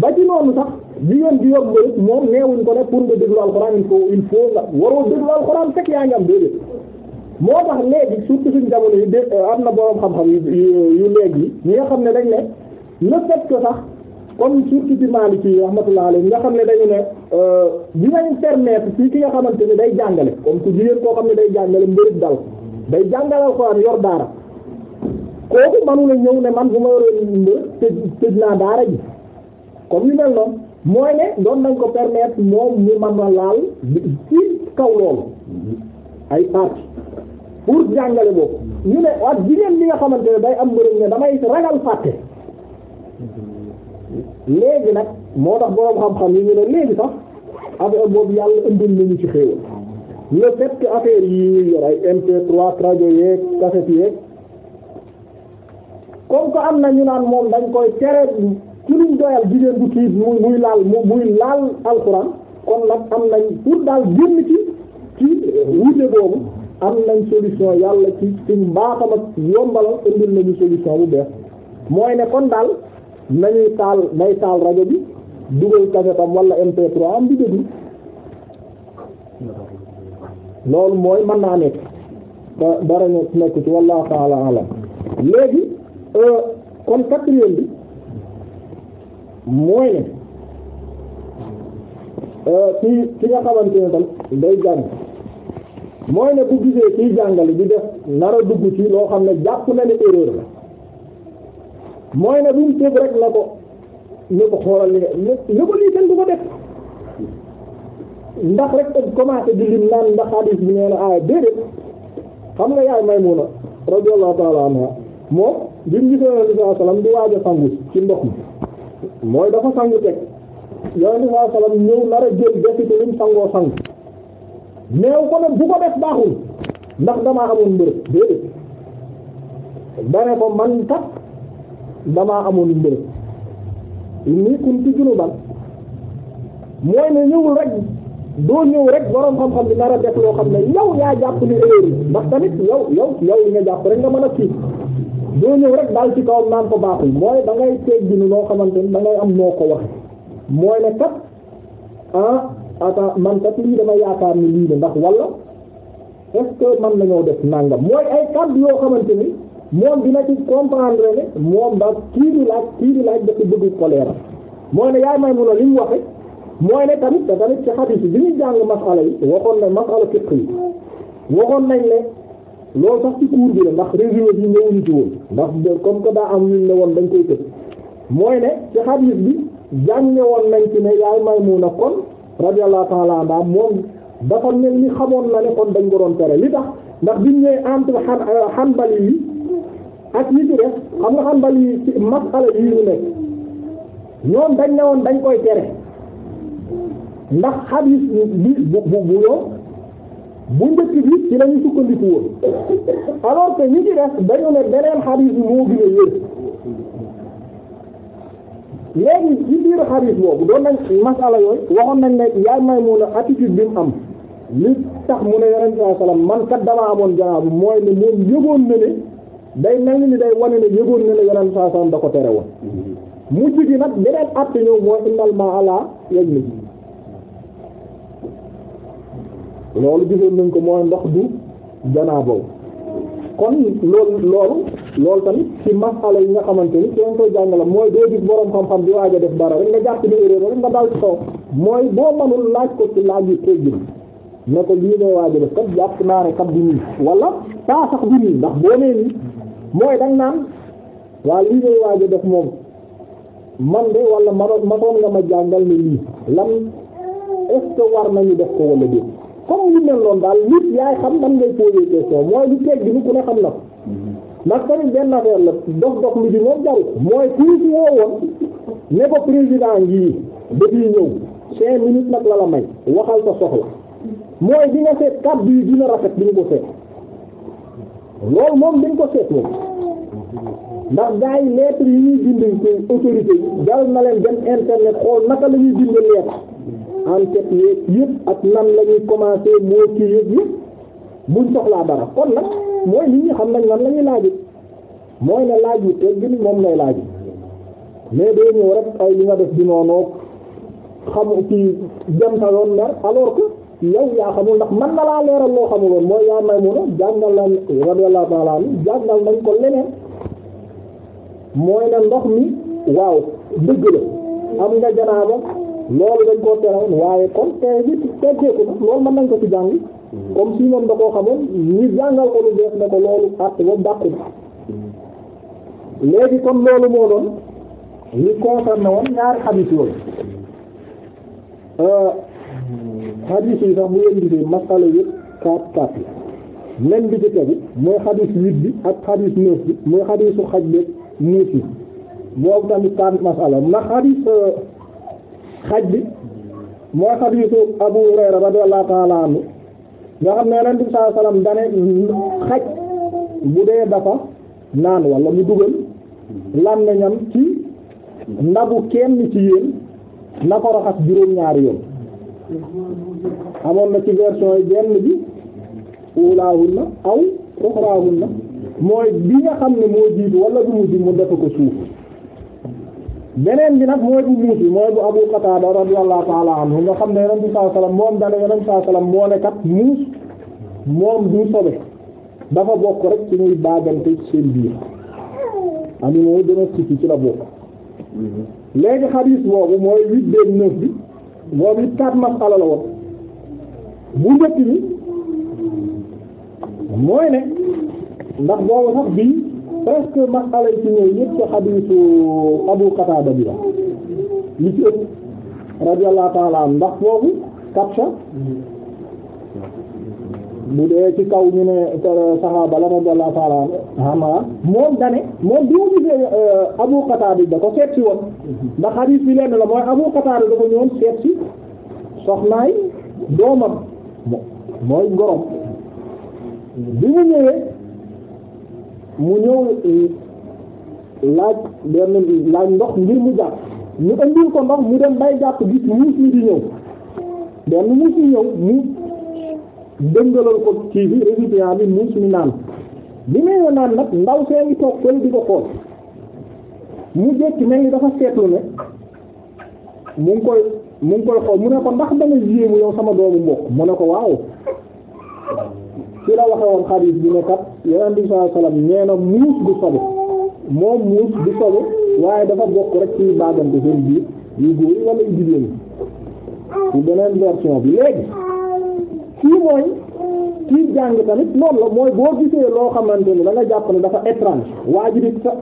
ba ci noonu sax jigéen bi yóbbu rek moom neewuñ ko nag pour nga déglu alxuraan il faut il faut nga waroo déglu alxuraan fekk yaa ngi am déedéet moo tax léegi surtout suñu jamono yi dé am na borom xam-xam yu léegi ñi nga xam ne dañ ne le fait que sax comme surtout ci Maliki yi rahmatullah alayhi nga xam ne dañu ne euh, dinañ permettre ci ki nga xamante ne day jàngale kom ku jigéen koo xam ne day jàngale mbërib dal day jàngal alxuraan yor daara kooku manu la ñëw ne man bu ma yoree mbër tëj tëj naa daara ji comme ni mooy ne doon nañ ko permettre moom mu mën a laal ci kaw loolu ay parti pour jàngale boobu ñu ne waa jigéen li nga xamante ne day am mbërëg ne damay ragal fàtte léegi nag moo tax boroom xam-xam yi ñu ne léegi sax affaire boobu yàlla ëndil nañu ci xéewal le fait que affaire yi ñuy yor ay MP3 rajo yeeg cassette yeeg comme que am na ñu naan moom dañ koy tere ci luñ doyal jigéen bu tiit muy muy laal muy laal alxuraan kon nag am nañ pour daal génn ci ci wute boobu am nañ solution yàlla ci ci mbaaxam ak yombalal indil nañu solution bu bees mooy ne kon daal nañuy taal nay taal rajo bi dugal kasetam wala MP3 am di déglu loolu mooy mën naa nekk dara nekk ci wallahu ta'ala alam léegi euh, kon quatrième bi mooy ne euh, ki ci nga xamante ne tam day jàng mooy ne bu gisee ciy jàngale di def nar a dugg ci ne jàpp na ne erreur la mooy ne bu mu tëb rek la ko ñu ko xoolal li nga ñu ko ndax rek dañ commencé di lim naan ndax hadith bi nee na aaya ah, déedéet xam nga yaay Maymuna radiyallahu ta'ala anha moom bi mu gisee Nabi sallallahu alayhi wasallam di waaj a sangu ci ndox mi. mooy dafa sangu teg yonente saa sallam a jël defi ci lim sangoo sang neew ko nag bu ko def baaxul ndax damaa amoon mbër déedéet dane ko man kat damaa amoon mbër nii kunti junuban mooy ne ñëwul rek doo ñëw rek borom xam-xam bi nar def loo xam ne yow yaa jàpp ni erreur ndax tamit yow yow yow li nga jàpp rek nga mën a kii doo ñëw rek daal ci kawam naan ko baaxul mooy da ngay tegginu loo xamante ni da ngay am noo ko waxe mooy ne kat ah ata man kat lii dama yaakaar ni lii de ndax wala est-ce que man nañoo def nangam mooy ay kàddu yoo xamante ni moom dina ci comprendre ne moom daal kii di laaj kii di laaj dafa bëgg ko leeral mooy ne yaay may mun a li mu waxe mooy ne tamit da tamit ci xadis bi ñu jàng masala yi waxoon na masala fiqh yi waxoon nañ ne loolu sax ci cours bi la ndax résumé bi ñëwuñu ci woon ndax comme que daa am ñu ne woon dañ koy tëj mooy ne ci xadiis bi jànge woon nañ ci ne yaay Maymuna kon radiyallahu ta'ala anha moom dafa mel ni xamoon na dañ ko doon tere li tax ndax biñ ant entre Hanbali yi ak ñi ci def xam nga Hanbali yi ci masala yi ñu nekk ñoom dañ ne woon dañ koy tere ndax xadiis bi bu bu bu yoon bu njëkk bi ci lañu sukkandiku woon alors que ñi ci des dañu ne beneen xadiis bi moo gën a wér léegi ci biir xadiis boobu doon nañ masala yooyu waxoon nañ ne yaay Maymuna attitude bi mu am li tax mu ne yonent saa sallam man kat damaa amoon janaabu mooy ne moom yëgoon na ne day mel ni day wane ne yëgoon na ne yonent saa sallam da ko tere woon mm-hmm. mujj gi nag beneen att ñëw mooy indal ma ala yaj na loolu gisoon nañ ko mooy ndox du janaabaw kon loolu loolu loolu tamit ci masala yi nga xamante ni ci lañ koy jàngale mooy doo gis borom xam-xam di waaj a def dara rek nga jàpp ni erreur rek nga dal ci kaw mooy boo mënul laaj ko ci laaj yi tey jii ne ko lii ngay waaj a def kat jàpp naa ne kat du nii wala taa sax du nii ndax boo nee nii mooy da naan waa lii ngay waaj a def moom man de wala ma doon nga ma jàngal ne lii lan est ce que war nañu def ko wala déet. comme lu mel noonu daal nit yaay xam nan ngay poser question mooy lu teg bi ku ne xam na ko ndax tamit benn affaire la dox dox lu ji moom daru mooy kuy si woowoon ne ko président ngii dafii ñëw cinq minutes nag la la may waxal sa soxla mooy di nga seet kàddu yi dina rafet di nga ko seet loolu moom dañ ko seet moom ndax gars yi lettre yi ñuy bind ci autorité yi dal na leen dem internet xool naka la ñuy bind enquête yeeg yëpp ak nan la ñuy commencé moo ci yëg yëpp buñ soxlaa dara kon nag mooy nit ñi xam nañ nan la ñuy laaj mooy na laaj yi teg gi moom lay laaj mais day ñëw rek ay li nga def di noonu xamu ci dem sa yoon mer alors que yow yaa xamul ndax man na laa leeral loo xamuloon mooy yaa may mun a jàngal lan radiyallahu ta'ala anhu jàngal nañ ko leneen mooy ne ndox mi waaw dëgg la am nga janaaba loolu dañ koo terewoon waaye kon tey bi teggeeku na loolu mën nañ ko ci jàng comme si moom da koo xamoon ñu jàngal ko lu bees ne ko loolu àtt ba dàqu na léegi comme loolu moo doon li concerné woon ñaari xadiis yooyu xadiis euh, yi sax bu ngeen masala yëpp quatre quatre yi même bi ci tegu mooy xadiis huit bi ak xadiis neuf bi mooy xadiisu xaj beeg neuf yi boobu tamit quatre masala ndax xadiis xaj bi mooy xadiisu Abu Hurayra radiyallahu ta'ala anhu nga xam ne Yonent bi sallallahu alayhi wasallam dane xaj bu dee dafa naan wala mu dugal làmmiñam ci ndabu kenn ci yéen na ko raxas juróom-ñaari yoon amoon na ci version yi benn bi ulaahunna aw uxraahunna mooy bi nga xam ne moo jiitu wala du mu def ko suuf beneen bi nag mooy bu muus bi mooy bu Abu Qatada radiyallahu ta'ala anhu nga xam ne yonent bi sallallahu alayhi wasallam moom dana yonent bi sallallahu alayhi moo ne muus moom du sobe dafa bokk rek ci ñuy baagante ci seen biir animaux domestiques ci la bokk léegi xadiis boobu mooy huit deux bi boobu it quatre bi mooy ne ndax boobu sax bii presque masala ci ñëw yëpp ci xadiisu Abu Qatada bi la li ci ëpp radiyallahu ta'ala an ndax foofu kapsha bu dee ci kaw ñu ne saxaaba la radiyallahu ta'ala anha moom dane moom bi mu gisee euh, Abu Qatada da ko seet si woon ndax xadiis bi lenn la mooy Abu Qatada dafa ñëwoon seet si soxnaay doomam mooy gorom bi mu ñëwee mu ñëw eh, laaj benn laaj ndox ngir mu jàpp ñu andil ko ndox mu dem bay jàpp gis muus mi di ñëw benn muus mi ñëw mu dëngalal ko kii bi récipient bi muus mi naan bi meewe naan nag ndaw see ngi toog fële di ko xool mu jekki mel dafa seetlu ne mu ngi koy mu ngi koy xool mu ne ko ndax dama yéemu yow sama doomu mbokk mu ne ko waaw ci la waxe woon xadiis bi ne kat yonent bi sallallahu alayhi wasallam nee na muus du sobe moom muus du sobe waaye dafa bokk rek ci baagante seen biir yu góor wala yu jigéen yi ci beneen version bi léegi kii mooy kii jàng tamit noonu la mooy boo gisee loo xamante ni da jàpp ne dafa étrange waa ji di sa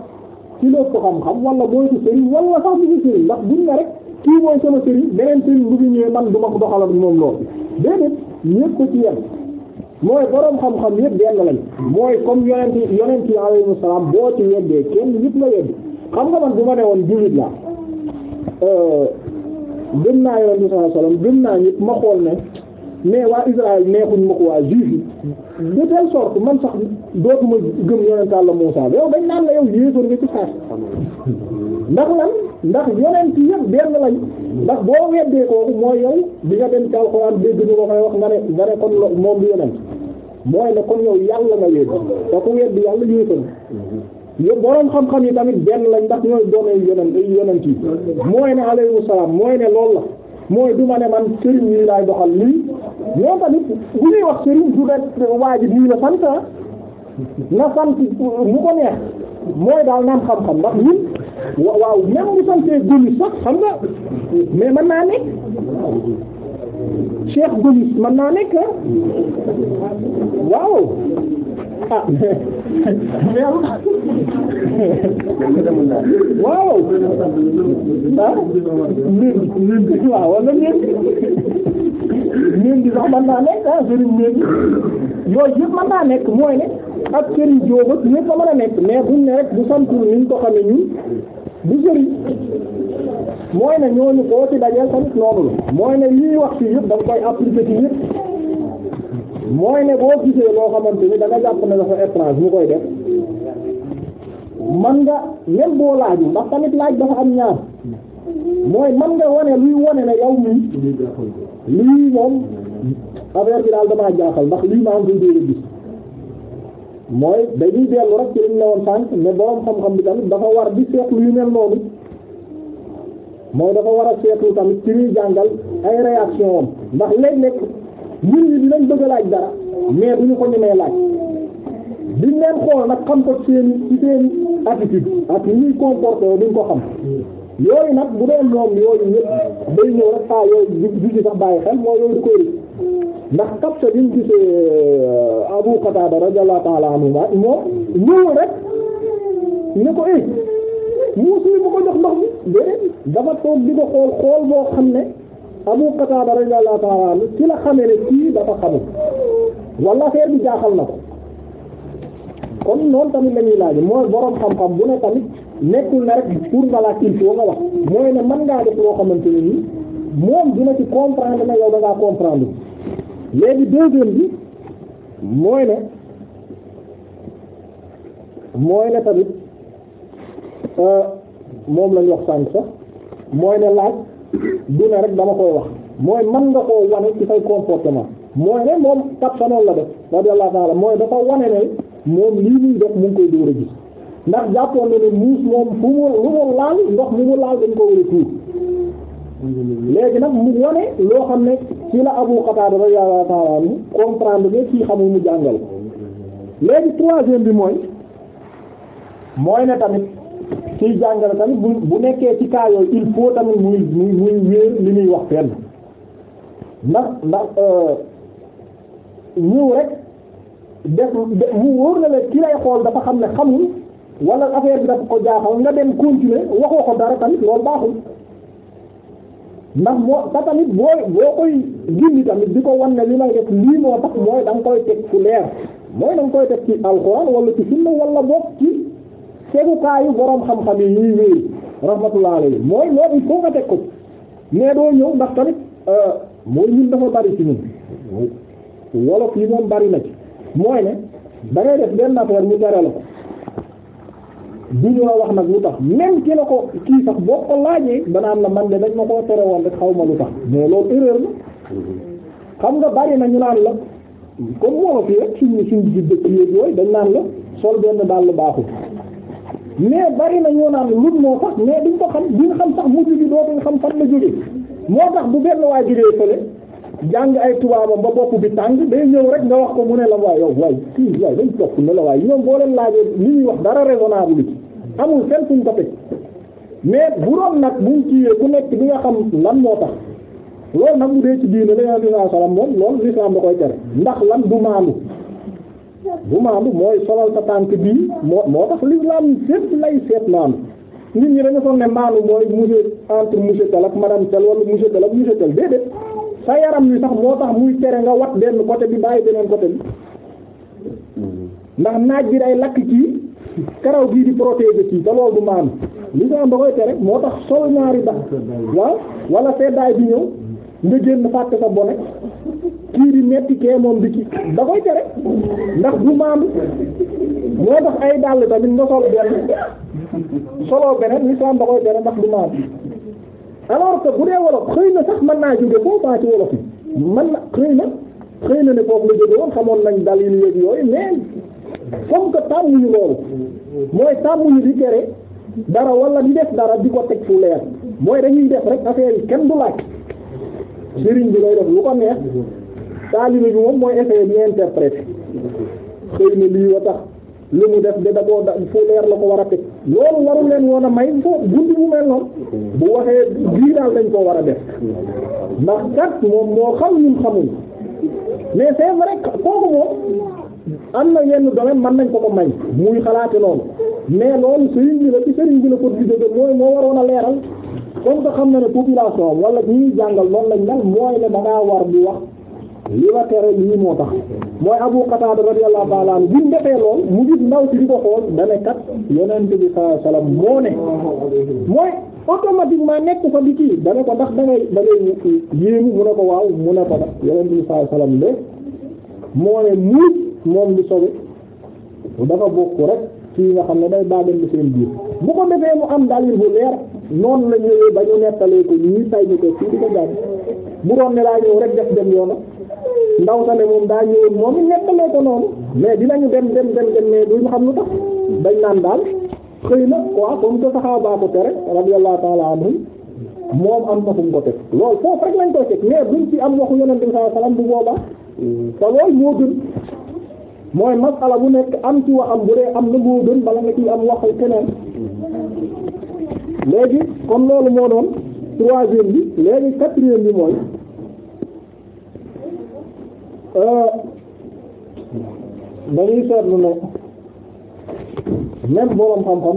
ko xam-xam wala mooy ci sëriñ wala sax bu ñu sëriñ ndax buñ na rek kii mooy sama sëriñ beneen sëriñ bu ñu ñëwee man du ma moom lool déedéet ñëpp ko ci yem mooy borom xam-xam yëpp benn lañ mooy comme yonent yonent yi alayhi salaam boo ci weddee kenn yëpp la weddi xam nga man bu ma ne woon jullit laa euh, gëm naa yonent bi sallallahu naa ñëpp ma xool ne mais waa Israël neexuñ ma ko waa juif yi de telle sorte man sax dootuma gëm yonent Yàlla Muusaa yow dañ naan la yow yéesoon nga ci saas ndax lan ndax yonent yëpp benn lañ ndax boo weddee kooku mooy yow bi nga dem ci alxuraan dégg ñu ko koy wax nga ne nga ne kon moom du yonent mooy ne kon yow yàlla nga wéet te ku weddi yàlla yéefal yow boroom xam-xam yi tamit benn lañ ndax ñooy doonee yonent yonent yi mooy ne alayhi salaam mooy ne loolu la mooy duma ne man sëriñ yi laay doxal lii ñoom tamit bu ñuy wax sëriñ du ne waa ji nii la sant ah. na sant mu ko neex mooy daal naan xam-xam ndax ñun waaw même bu santee Gomis sax xam nga mais mën naa nekk Cheikh man mën naa nekk waaw ah waaw ah mën ah. waaw wala mën mën di sax mën naa nekk ah ak sëriñ Diop ak ñëpp a mën a nekk mais buñ ne rek bu santul niñ ko xamee ñun bu sëriñ mooy ne ñooñu koo ci dajeel tamit noonu la mooy ne lii wax ci yëpp da nga koy appliquer ci yëpp mooy ne boo gisee loo xamante ni da nga jàpp ne dafa étrange mu koy def man nga même boo laaju ndax tamit laaj dafa am ñaar mooy man nga wane luy wane ne yow mii lii moom affaire bi daal damaa jaaxal ndax lii maa ngi koy gis. mooy dañuy dellu rek ci liñ la woon sànq mais borom xam-xam bi tamit dafa war di seetlu yu mel noonu mooy dafa war a seetlu tamit ci ñuy jàngal ay réaction am ndax léeg-léeg ñun ñi dinañ bëgg laaj dara mais duñu ko ñemee laaj diñ leen xool nag xam ko seen ci seen attitude ak ni ñuy comporté duñ ko xam yooyu nag bu doon ñoom yooyu yëpp day ñëw rek saa ah yooyu du ci sax bàyyi xel mooy du koy ndax kapsa bi mu gisee euh, Abu Qatada radiyallahu ta'ala anhu moom ñëw rek ne ko eh muus mi mu ko jox ndox mi déedéet dafa toog di ko xool xool boo xam ne Abu Qatada radiyallahu ta'ala anhu ci la xamee ne kii dafa xamul wala affaire bi jaaxal na ko kon noonu tamit la ñuy laaj mooy borom xam-xam bu ne tamit nekkul na rek pour nga laaj il faut wax mooy ne mën ngaa def loo xamante ne nii. moom dina ci comprendre na yow da ngaa comprendre léegi deuxième bi mooy ne mooy ne tamit euh, moom lañ wax sànq sax mooy ne laaj du rek dama koy wax mooy mën nga koo wane ci say comportement mooy ne moom kat sanoon la def radiyallahu ta'ala mooy dafa wane ne moom lii muy def mu koy dóor a gis ndax jàppoon na ne muus moom fu mu lu mu laal ndox mu mu laal dañ ko war a léegi nag mu wane loo xam ne ci la Abu Qatada radiyallahu ta'ala anhu comprendre ne kii xamul mu jàngal léegi troisième bi mooy mooy ne tamit kii jàngale tamit bu bu nekkee ci cas yooyu il faut tamit muy muy muy wéer li muy wax fenn ndax ndax euh, ñëw rek def mu wóor na la kii lay xool dafa xam ne xamul wala affaire bi dafa ko jaaxal nga dem continuer waxoo ko dara tamit loolu baaxul. ndax moo ta tamit booy boo koy gindi tamit di ko wan ne li may def lii moo tax mooy da nga koy teg fu leer mooy da nga koy teg ci alxuraan wala ci sunna wala bokk ci segukaayu borom xam-xam yi ñuy wéy rahmatullah alayhi mooy loolu il faut teg ko mais doo ñëw ndax tamit euh, mooy ñun dafa bari ci ñun wolof yi moom bari na ci mooy ne da def benn affaire ñu tere la ko du ñu la wax nag lu tax même ki la ko kii sax boo ko laajee danaan na man de dañ ma koo tere woon rek xaw ma lu tax mais loolu erreur la xam nga bari na ñu naan la comme wolof yi rek suñu suñu ji dëkk yooyu dañ naan la sol benn dàll baaxul mais bari na ñu naan lu moo tax mais duñ ko xam duñ xam sax mujj gi dootuñ xam fan la jógee moo tax bu benn waay jógee fële jàng ay tubaabam ba bopp bi tàng day ñëw rek nga wax ko mu ne la waay yow waay kii waay dañ topp ne la waay ñoom boo leen laajee li ñuy wax dara raisonnable amul fenn fuñ ko teg mais bu doon nag buñ kiiwee ku nekk bi nga xam lan moo tax loolu nag bu dee ci diine dañoo dina salam moom loolu lislaam da koy tere ndax lan du maandu du maandu mooy solal sa tànk bii moo moo tax lislaam fépp lay seet maandu nit ñi dañu foog ne maandu mooy monsieur entre monsieur tel ak madame tel wala monsieur tel ak monsieur tel déedéet sa yaram wi sax moo tax muy tere nga wat benn côté bi bàyyi beneen côté bi ndax naaj bi day lakk kii karaw gii di protéger kii te loolu du maanu lislam da koy tere moo tax sol ñaari dax waaw wala seddaay bi ñëw nga génn fàtte sa bone kii di metti kee moom di kii da koy tere ndax du maanu moo tax ay dàll tamit nga sol benn soloo beneen lislam da koy tere ndax du maanu alors que bu dee wolof xëy na sax man naa jóge foofu ci wolof yi man na xëy na xëy na ne foofu la jóge woon xamoon nañ dalil yooyu mais comme que tàmmuñu loolu mooy tàmmuñu di tere dara wala di def dara di ko teg fu leer mooy dañuy def rek affaire kenn du laaj sëriñ bi lay def lu ko neex taalibe bi moom mooy essayer di interpréter xëy na lii wa tax lu mu def de da koo da fu leer la ko war a teg loolu waru leen woon a may foofu guddi mu mel noonu bu waxee bii daal dañ koo war a def ndax kat moom moo xam ñun xamuñ mais c'est kooku moom am na yenn domaine mën nañ ko ko may muy xalaate noonu mais loolu sëriñ bi la ci sëriñ bi la ko di dëgg mooy moo waroon a leeral comme que xam na ne population wala ñuy jàngal noonu lañ mel mooy ne da war di wax li la tere lii moo tax mooy Abu Qatada radiyallahu ta'ala anhu bu ñu defee lool mu gis ndaw si di ko xool dane kat yonent bi sallallahu alayhi wasallam moo ne mooy automatiquement nekk fa di kii dane ko ndax da ngay da ngay yéemu mu ne ko waaw mu ne ko ndax yonent bi sallallahu alayhi wasallam moom lu sobe dafa bokk rek ci nga xam ne day baalante seen biir bu ko defee mu am dalil bu leer noonu la ñëwee ba ñu nettalee ko ñuy tay ñu ko fii di ko jàpp bu doon ne daa ñëw rek def dem yoona ndaw sa ne moom daa ñëwoon moom it nettalee ko noonu mais dinañu dem dem dem dem mais duñu xam lu tax dañ naan daal xëy na quoi comme que saxaaba ko tere radiyallahu ta'ala anhum moom am na fu mu ko teg loolu foofu rek lañ koy teg mais buñ ci am waxu yonent bi sallallahu alayhi wasallam bu mooy masala bu nekk am ci waxam bu dee am na moo gën bala nga ci am waxu keneen léegi kon loolu moo doon troisième bi léegi quatrième bi mooy euh, dañuy seetlu ne même boroom xam-xam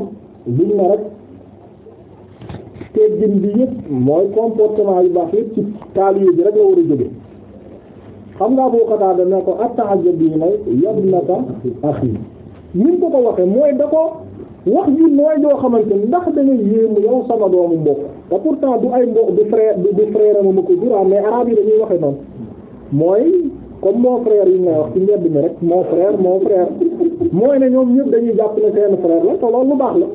biñ na rek teggin bi yëpp mooy comportement yu baax yëpp ci taalibe bi rek la war a jóge xam nga ko Qatada ne ko at-ta'ajjab bi nay yabnata akhi niñ ko ko waxee mooy da ko wax ji nooy doo xamante ndax da nga yéemu yow sama doomu mbokk te pourtant du ay mbokk du frère du frère ma ma ko jur ah, mais arabe yi dañuy waxee noonu mooy comme moo frère yi nga wax ci mbedd mi rek mon frère moo frère mooy ne ñoom ñëpp dañuy jàpp ne seen frère la te lu baax la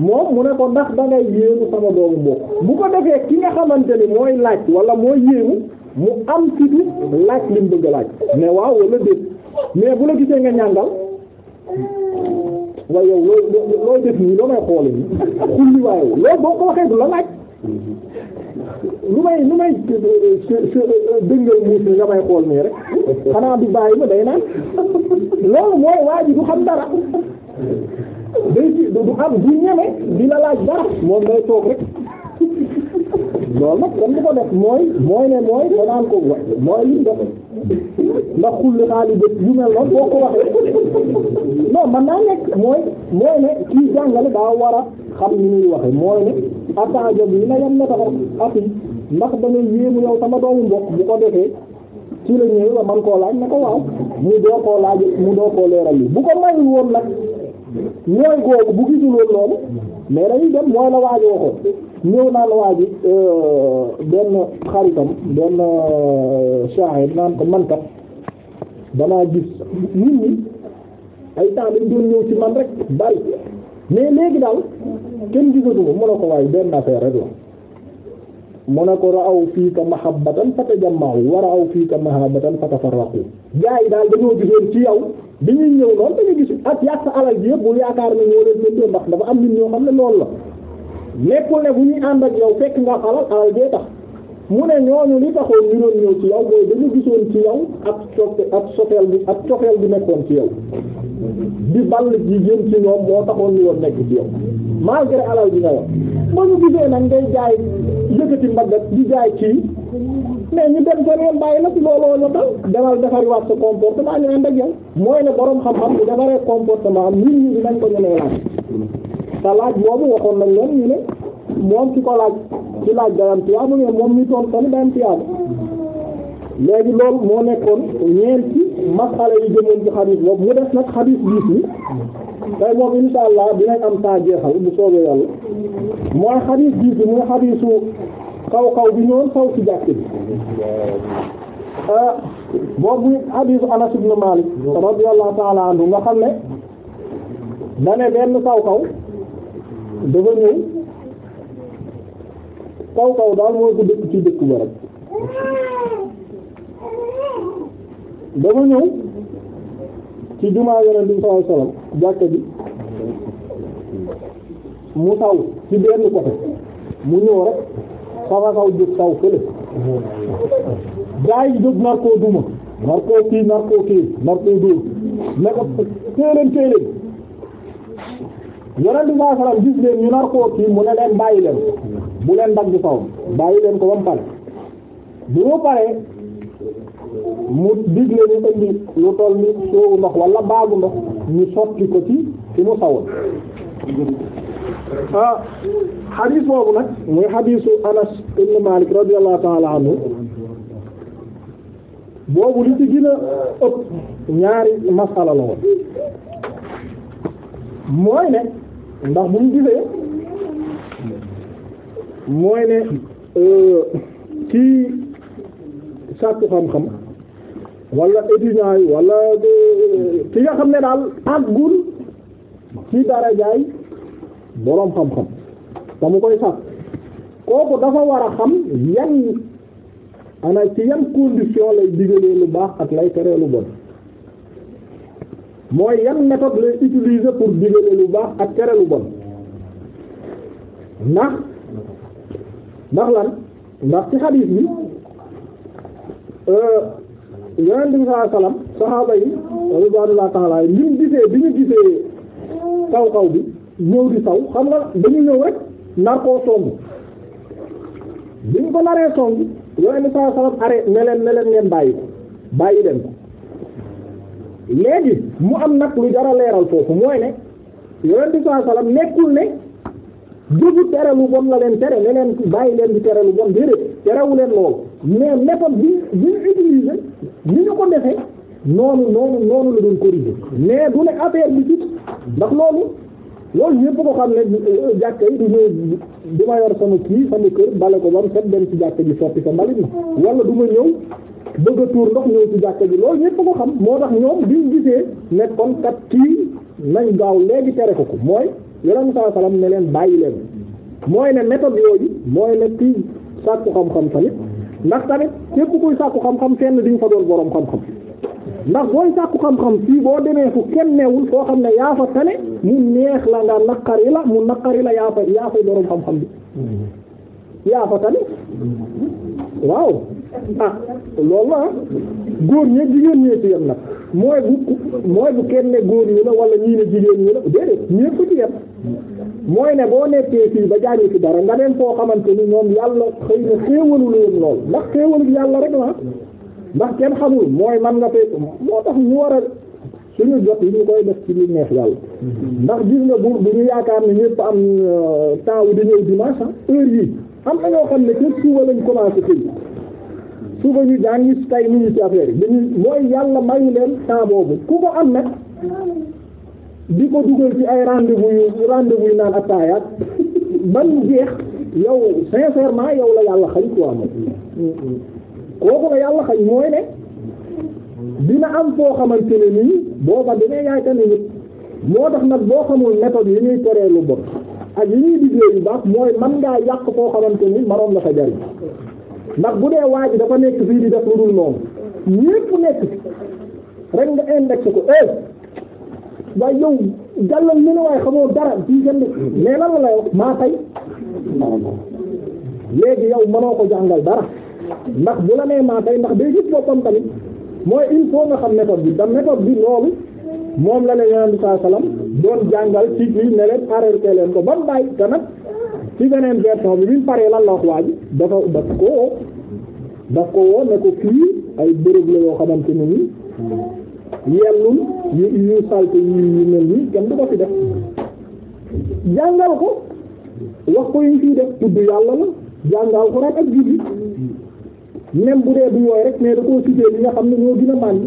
moom mu ne ko ndax da ngay yéemu sama doomu mbokk bu ko defee ki nga xamante ni mooy laaj wala mooy yéemu mu am ci di laaj li bëgg laaj mais waaw wala déet mais bu la gisee nga ñàngal waaye yow looy looy xool nii xulli loolu boo ko la lu may lu may dëngal muus ni nga may xool du bàyyi ma day naan loolu mooy waa ji du xam dara day du am du ñeme di la laaj dara moom day toog rek loolu nag kenn du ko def mooy mooy ne mooy danaan ko wax mooy li def ndax xulli xaali bët yu mel noonu boo ko waxee non man naa nekk mooy mooy ne kii jàngale daa war a xam ni muy waxe mooy ne attention bi na yem na taxaw at yi ndax damay yéemu yow sama doomu mbokk bu ko defee ci la ñëwee ba man koo laaj na ko waaw mu doo koo laaj mu doo koo leeral yi bu ko mayul woon nag ñooy googu bu gisul woon loolu mais dañuy dem mooy la waaj waxoon ñëw naa la waa ji doon euh, na xaritam benn euh, shaahir naan ko man kat damaa gis nit ñi ay temps dañ doon ñëw ci man rek bari mais léegi daal kenn gisatuma mu ne ko waaye benn affaire rek la mu ne ko raaw fii ka mahabbatan war a raaw fii ka mahabbatan fatafarraqu gaa yi daal dañoo gisoon ci yow bi ñuy ñëw noonu dañu gis ak yàq sa alal ji yëpp yaakaar ne ñoo leen mën ndax dafa am nit ñoo xam ne loolu la nekkul ne bu ñuy ànd ak yow fekk nga xalal alal bee tax mu ne ñooñu li taxoon ñu doon ñëw ci yow mooy dañu gisoon ci yaw ak soppe ak sofeel bi ak sofeel bi nekkoon ci yow di ball jigéen ci ñoom moo taxoon ñu doon nekk ci yow malgré alal bi nga wax ba ñu gisee nag ngay jaay yëkkati mbagg ak di jaay ci mais ñu dem sa réew bàyyi la ci looloo la dal demal defariwaat sa comportement ñu ànd ak yow mooy ne borom xam-xam bi defaree comportement am nit ñi te laaj boobu waxoon nañ leen ñu ne moom ci ko laaj ci laaj day am moom ñu toon tamit day am tiyaaba léegi loolu moo nekkoon ñeenti masala yi jëmoon ci xadiis boobu mu def nag xadiis biis yi tey moom allah dinañ am taa jeexal bu soobee yàlla mooy xadiis biis bi muy xadiisu kaw kaw bi ñëwoon kaw ci jàkk bi ah, boobu xadiisu Anas ibn Malik radiyallahu ta'ala anhu nga xam ne dane benn kaw kaw dafa ñëw kaw kaw daal mooy ko dëkk ci dëkk ba rek dafa ñëw ci jumaa yeneen bi sallallahu alayhi wasallam jàkka bi mu taw ci benn côté mu ñëw rek safa saw jóg taw fële gaa yi jóg nar koo duma nar koo kii nar koo kii nar koo dóor naka téeleen téeleen yonent bi sallallahu alayhi wasallam gis leen ñu nar koo kii mu ne leen bàyyi leen bu leen dagg kaw bàyyi leen ko ba mu pare bu mu paree mu digle ñu indi lu toll ni soowu ndox wala baagu ndox ñu sotti ko ci ci mu sawoon ah xadiis boobu nag mu xadiisu Anas ibn Malik radiyallahu ta'ala anhu boobu li ci gën a ëpp ñaari masala la mooy ne ndax bu mu gisee mooy ne euh, kii sàkku xam-xam wala étudiant yi wala ki nga xam ne daal àggul ci darajaay boroom xam-xam te mu koy sàkk kooku dafa war a xam yan ana ci yan condition lay digalee lu baax ak lay teree lu bon mooy yan méthode lay utiliser pour digale lu baax ak tere lu bon ndax ndax lan ndax ci xadiis bi euh, yonent bi sallallahu alayhi wasallam saxaaba yi radiyallahu ta'ala li ñu gisee bi ñu gisee kaw kaw bi ñëw di saw xam nga dañu ñëw rek nar koo song bi ñu ko naree song yonent bi sallallahu alayhi wasallam arrêté ne leen leen ngeen bàyyi ko bàyyi leen ko léegi mu am nag lu dara a leeral foofu mooy ne yonent bi saa salaam nekkul ne dugg tere lu bon la leen tere ne leen bàyyi leen di tere lu bon déedéet terewu leen lool mais méthode bi bi ñu utiliser ni ñu ko defee noonu noonu noonu la doon corriger mais bu ne affaire bi ci ndax loolu loolu ñëpp ko xam ne euh, jàkka yi du ñëw sama kii sama kër bale ko ba mu set dem ci jàkka ji sotti sa mbalit ma wala du ma ñëw. bëgg tour ndox ñëw ci jàkka ji loolu ñëpp ko xam moo tax ñoom biñ gisee ne kon kat kii nañ gaaw léegi tere ko ko mooy yonent bi sallallahu alayhi wasallam ne leen bàyyi leen mooy ne méthode yooyu mooy ne kii sàkku xam-xam tamit ndax tamit képp kuy sàkku xam-xam fenn diñ fa doon boroom xam-xam ndax booy sàkku xam-xam fii boo demee fu kenn newul foo xam ne yaa fa tane mu neex la nga naqari la mu naqari la yaa fa yaa fay boroom xam-xam bi
mm-hmm.
yaa fa tane mm-hmm. waaw ah loolu la ah. góor ñeeg jigéen ñee ci yem nag mooy bu mooy bu kenn góor ñi la wala ñii ne jigéen ñi la déedéet ñëpp ci yem mooy ne boo nekkee fii ba jaañu ci dara nga neen foo xamante ni moom yàlla xëy na xéewalu leen lool ndax xéewalu yàlla rek la ah. ndax kenn xamul mooy man nga fekk moo tax ñu war a suñu jot yi ñu koy def ci lu neex yàlla ndax gis nga bu bu ñu yaakaar ne ñëpp am euh, temps wu di ñëw dimanche ah, heure yi am na ñoo xam ne képp suba lañ commencé xëy suba ñu daan ñu tay ñu ci affaire yi dañuy mooy yàlla mayu leen temps boobu ku ko am nag di ko dugal ci ay rendez-vous yu rendez-vous yu naan attaayaat ban jeex yow sincèrement yow la yàlla xañ quoi moom kooku la yàlla xañ mooy ne dina am foo xamante nii booba dina yaay tane nit moo tax nag boo xamul méthode yi ñuy teree lu bon ak yi ñuy digle yu baax mooy man ngaa yàq foo xamante ni maroon la fa jariñ ndax bu dee waa ji dafa nekk fii di def lu dul noonu ñépp nekk rek nga indexé ko eh waaye yow jàllal ñu ne waaye xamoo dara bii kenn mais lan la lay wax maa tay léegi yow mënoo ko jàngal dara ndax bu la nee maa tay ndax day gis boppam tamit mooy il faut nga xam méthode bi da méthode bi loolu moom la ne yonent bi sallam doon jàngal ci lii ne leen arrêté ko ba mu bàyyi ci beneen version bi bi mu paree lan la wax waa ji dafa daf ko daf ko woo ko fii ay bërëb la yoo xamante ne ni yellul yu yu salte yu yu mel nii ko fi def jàngal ko wax ko yuñ fii def tudd yàlla la jàngal ko rek ak julli même bu dee du yooyu rek mais da koo cité li nga xam ne ñoo gën a màndi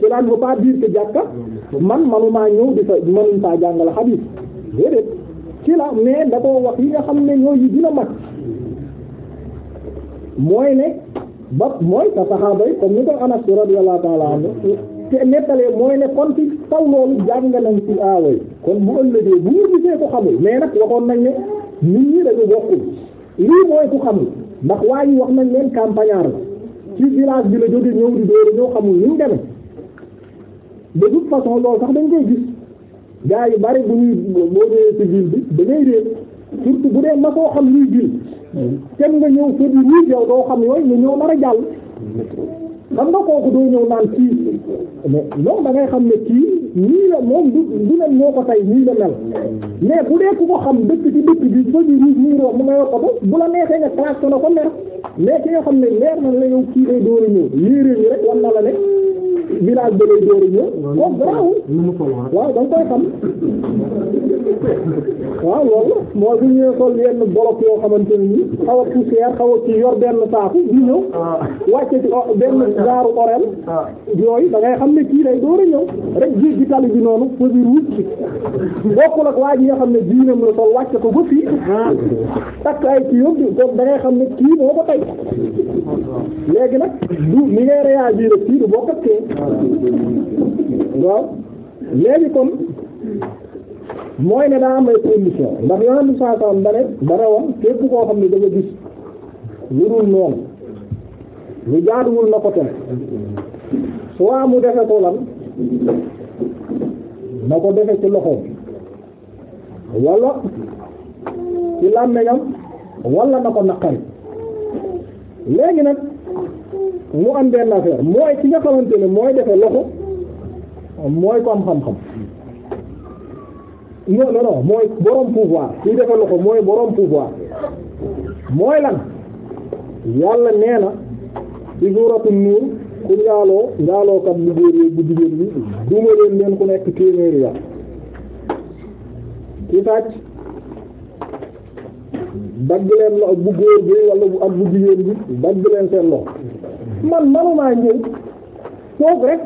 cela ne veut pas dire que jàkka man manumaa ñëw di fa manuñ faa jàngal xadiis déedéet ci la mais da koo wax yi nga xam ne ñooyu dina mag mooy ne ba mooy sa saxaaba yi comme ni ko Anas radiyallahu ta'ala anhu te nettalee mooy ne kon ci kaw loolu jàng nañ ci aaway kon bu ëllëgee bu ñu gisee ko xamul mais nag waxoon nañ ne nit ñi dañu bokkul lii mooy ku xamul ndax waa yi wax nañ leen campagnard la ci village bi la jóge ñëw di dóor ñoo xamul ni mu demee de toute façon loolu sax dañ koy gis gaa yi bari bu ñuy boo dee ci ville bi da ngay réer surtout bu dee koo xam luy ville kenn nga ñëw fëdi ruuj yow doo xam yooyu nga ñëw nar a jàll xam nga kooku doo ñëw naan kii mais non xam ne kii nii la moom du du leen moo ko tey nii la mel mais bu dee ku ko xam dëkk ci dëkk bi fëdi ruuj muy roox mu nga yor oto bu la neexee nga tracé na ko mer mais ki xam ne leer na la yow kii day doo a ñëw lii réer rek wan na la ne village ba door a ñëw. waaw garaawul waaw da nga xam waaw loolu mooy bu ñu sol yenn bolok yoo xamante ne nii xaw a poussière xaw a yor benn saaku di ñëw ah. wàcce ci benn ah. gaaru orel ah. yooyu dangay xam ne kii lay door a ñëw rek ji gi tali bi noonu fa bi ruut ci bokkul waa ji nga xam ne diinam la sol wàcce ko ba fii takk ay kii yëpp kon xam ne kii moo ko tey léegi nag du ni ngay réagir kii du bokk kee waaw léegi kon mooy ne daa am ay ndax yoon bi saa saa dane dane woon képp koo xam ne dafa gis lu dul noonu lu jaaduwul na ko tere soit mu defe ko na ko defe ci loxoom wala ci làmmeñam wala na ko naqari léegi nag mu am benn affaire mooy ki nga xamante ne mooy defe loxo mooy ko am xam-xam non non mooy borom pouvoir kiy defe loxo mooy borom pouvoir mooy lan yàlla nee na ci suuratu nuur ku njaaloo njaalookat bu góor yi bu jigéen bi duma leen ku nekk téeméeri yar ki sàcc dagg leen loxo bu góor bi wala ak bu jigéen bi dagg leen seen loxo man manumaa ñëw foofu rek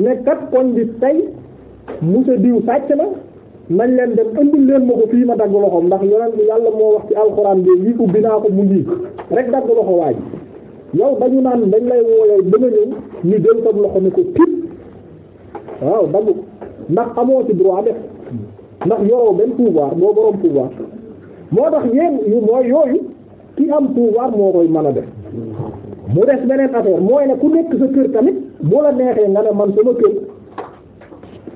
ne kat koñ bi tey musa diw sàcc na nañ leen dem andil leen ma ko fii ma dagg loxoom ndax yonent bi yàlla moo wax ci alxuraan bi lii ubbi naa ko mu ngi rek dagg loxo waaj yow dañu naan dañ lay wooyee ba nga ñëw ñu jël sa loxo ni ko tip waaw dagg ndax amoo ci droit def ndax yoroo benn pouvoir boo borom pouvoir moo tax yéen yu mooy yooyu ki am pouvoir moo koy mën a def mu des beneen affaire mooy ne ku nekk sa kër tamit boo la neexee nga ne man sama kër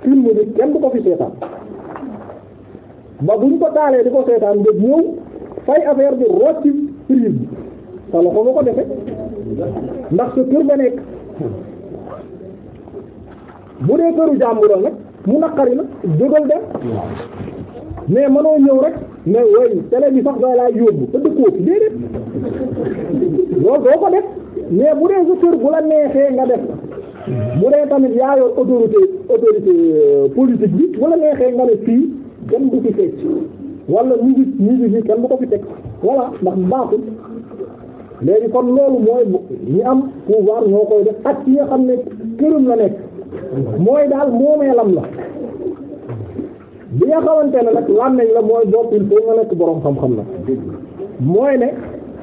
film bi kenn du ko fi seetaan ba buñ ko taalee di ko seetaan nga ñëw fay affaire bi root ci prix bi sa loxo nga ko defe ndax sa kër nga nekk bu dee këru jàmbural nag mu naqari la jógal dem mais mënoo ñëw rek mais way télé bi sax nga laa yóbbu te dëkkoo fi déedéet loolu doo ko def mais bu dee sa kër bu la neexee nga def bu dee tamit yaa yor autorité autorité euh, politique bi bu la neexee nga def fii kenn du fi fecc wala musique musique ko fi teg voilà ndax baaxul léegi kon loolu mooy ñi am pouvoir ñoo koy def ak ci nga xam ne këram la nekk mooy daal moomeelam la bi nga xamante ne nag lan nañ la mooy bopp il nga nekk boroom xam-xam la mooy ne.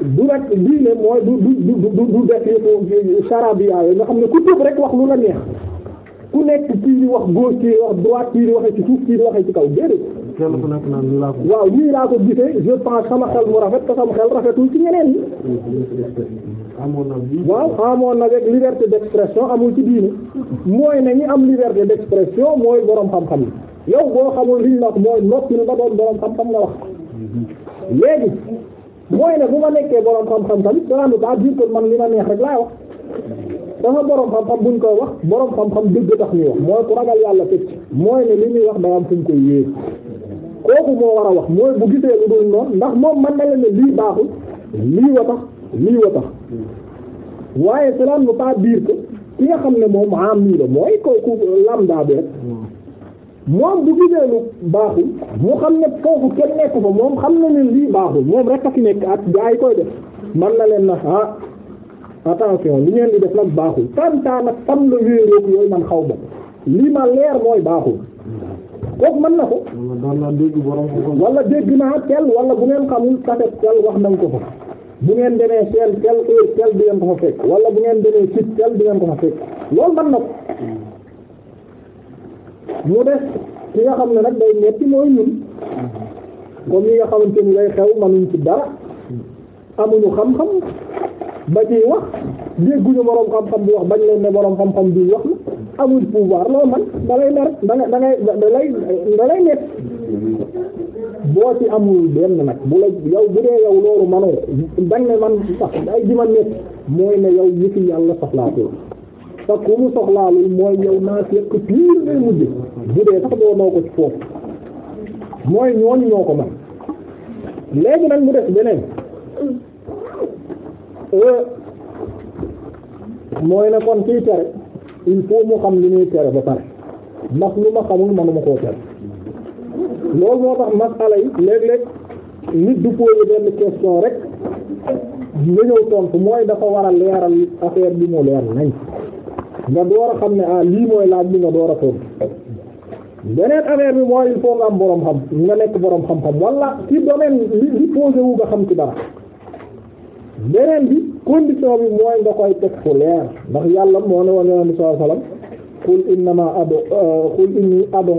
du rek diine mooy du du du du du def yëpp sarabiya yi nga xam ne ku tëb rek wax lu la neex ku nekk kii di wax gauche kii wax droite kii di waxee ci suuf kii di waxee ci kaw déedéet. waaw nii laa ko gisee je pense sama xel mu rafet te sama xel rafetul ci ñeneen ñi. waaw amoon na liberté d'expression amul ci diine mooy na ñi am liberté d'expression mooy borom xam-xam yi yow boo xamul liñ la mooy noppi na ba doon borom xam-xam nga wax mhm. léegi. mooy ne bu ma nekkee borom xam-xam tamit da naan daa ko ah man li ma neex rek laay wax dafa borom xam-xam buñ koy wax boroom xam-xam dëgg tax ñuy wax mooy ku ragal yàlla fekk mooy ne li ñuy wax daa am fu ñu koy yéeg kooku moo war a wax mooy bu gisee lu dul noonu ndax moom man na leen ne lii baaxul lii wa tax lii wa tax waaye cela ne veut pas dire ki nga xam ne moom am nii la mooy kooku lambda bi rek moom bu gisee lu baaxul mu xam ne foofu kenn nekk fa moom xam na ne lii baaxul moom rek a fi nekk ak gaa yi koy def man na leen na ah attention li ngeen di def nag baaxul tantaan ak fan la wéeroog yooyu man xaw ma lii ma leer mooy baaxul kooku man na ko wala dégg naa tel wala bu ngeen xamul kaset tel wax nañ ko fa bu ngeen demee tel tel heure tel di ngeen ko fa fekk wala bu ngeen demee sit tel di ngeen ko fa fekk loolu mën na ko mu des ki nga xam ne nag day metti mooy ñun comme yi nga xamante ni lay xew manuñ ci dara amuñu xam-xam ba ciy wax dégguñu borom xam-xam bi wax bañ leen ne borom xam-xam bi wax na amuñ pouvoir loolu man da lay nar da nga da ngay boo ci amul benn nag bu la yow bu dee yow loolu manoo dañ ne man sax ay ji ma nekk mooy ne yow yëfi yàlla soxlaatu te ku mu soxlaalul mooy yow naa fekk piir ngay mujj bu dee sax doo ko ci foofu mooy ñooñu ñoo ko man léegi nag mu des beneen euh, mooy na kon kiy tere il faut mu xam li muy tere ba pare ndax lu ma xamul manuma koo tere loolu moo tax masala yi léeg-léeg nit du posé benn question rek nga ñëw tontu mooy dafa war a leeral affaire bi mu leer nañ nga door a xam ne ah lii mooy laaj bi nga door a tontu beneen affaire bi mooy il nga am borom xam nga nekk boroom xam-xam wala ci domaine li li posé nga xam ci dara beneen bi condition bi mooy nga koy teg fu leer ndax yàlla moo ne woon yonent bi sallallahu alayhi wasallam qul innama adu qul inni adu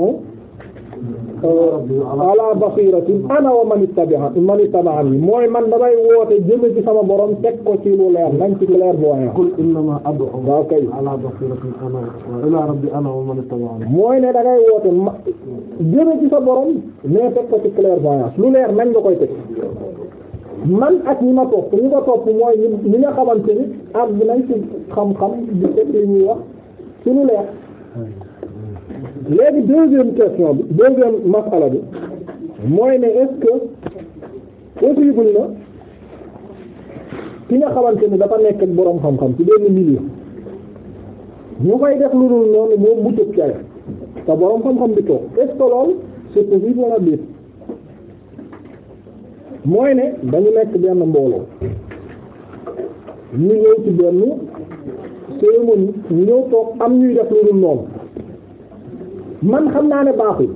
Euh, ala basiratin ana wa man ittabi'a man ittaba'ani mooy man damay woote jëme ci sama borom teg ko ci lu leer nañ ci clairvoyant qul innama mooy ne dangay woote ma jëme ci sa borom mais teg ko ci clairvoyance lu leer nañ la koy teg man ak ñi ma topp ñi ma topp mooy ñi nga xamante ni àgg nañ ci xam-xam di teg li ñuy wax ci lu leer léegi deuxième question bi deuxième masala bi mooy ne est possible na ki nga xamante ni dafa nekk ak boroom xam-xam ci benn milieu ñu koy def lu dul noonu moom mu tëb caay te boroom xam-xam bi toog est-ce que loolu c'est mooy ne dañu nekk benn mbooloo ñu ñëw ci benn cérémonie ñu ñëw toog am ñuy def lu dul noonu man xam naa ne baaxul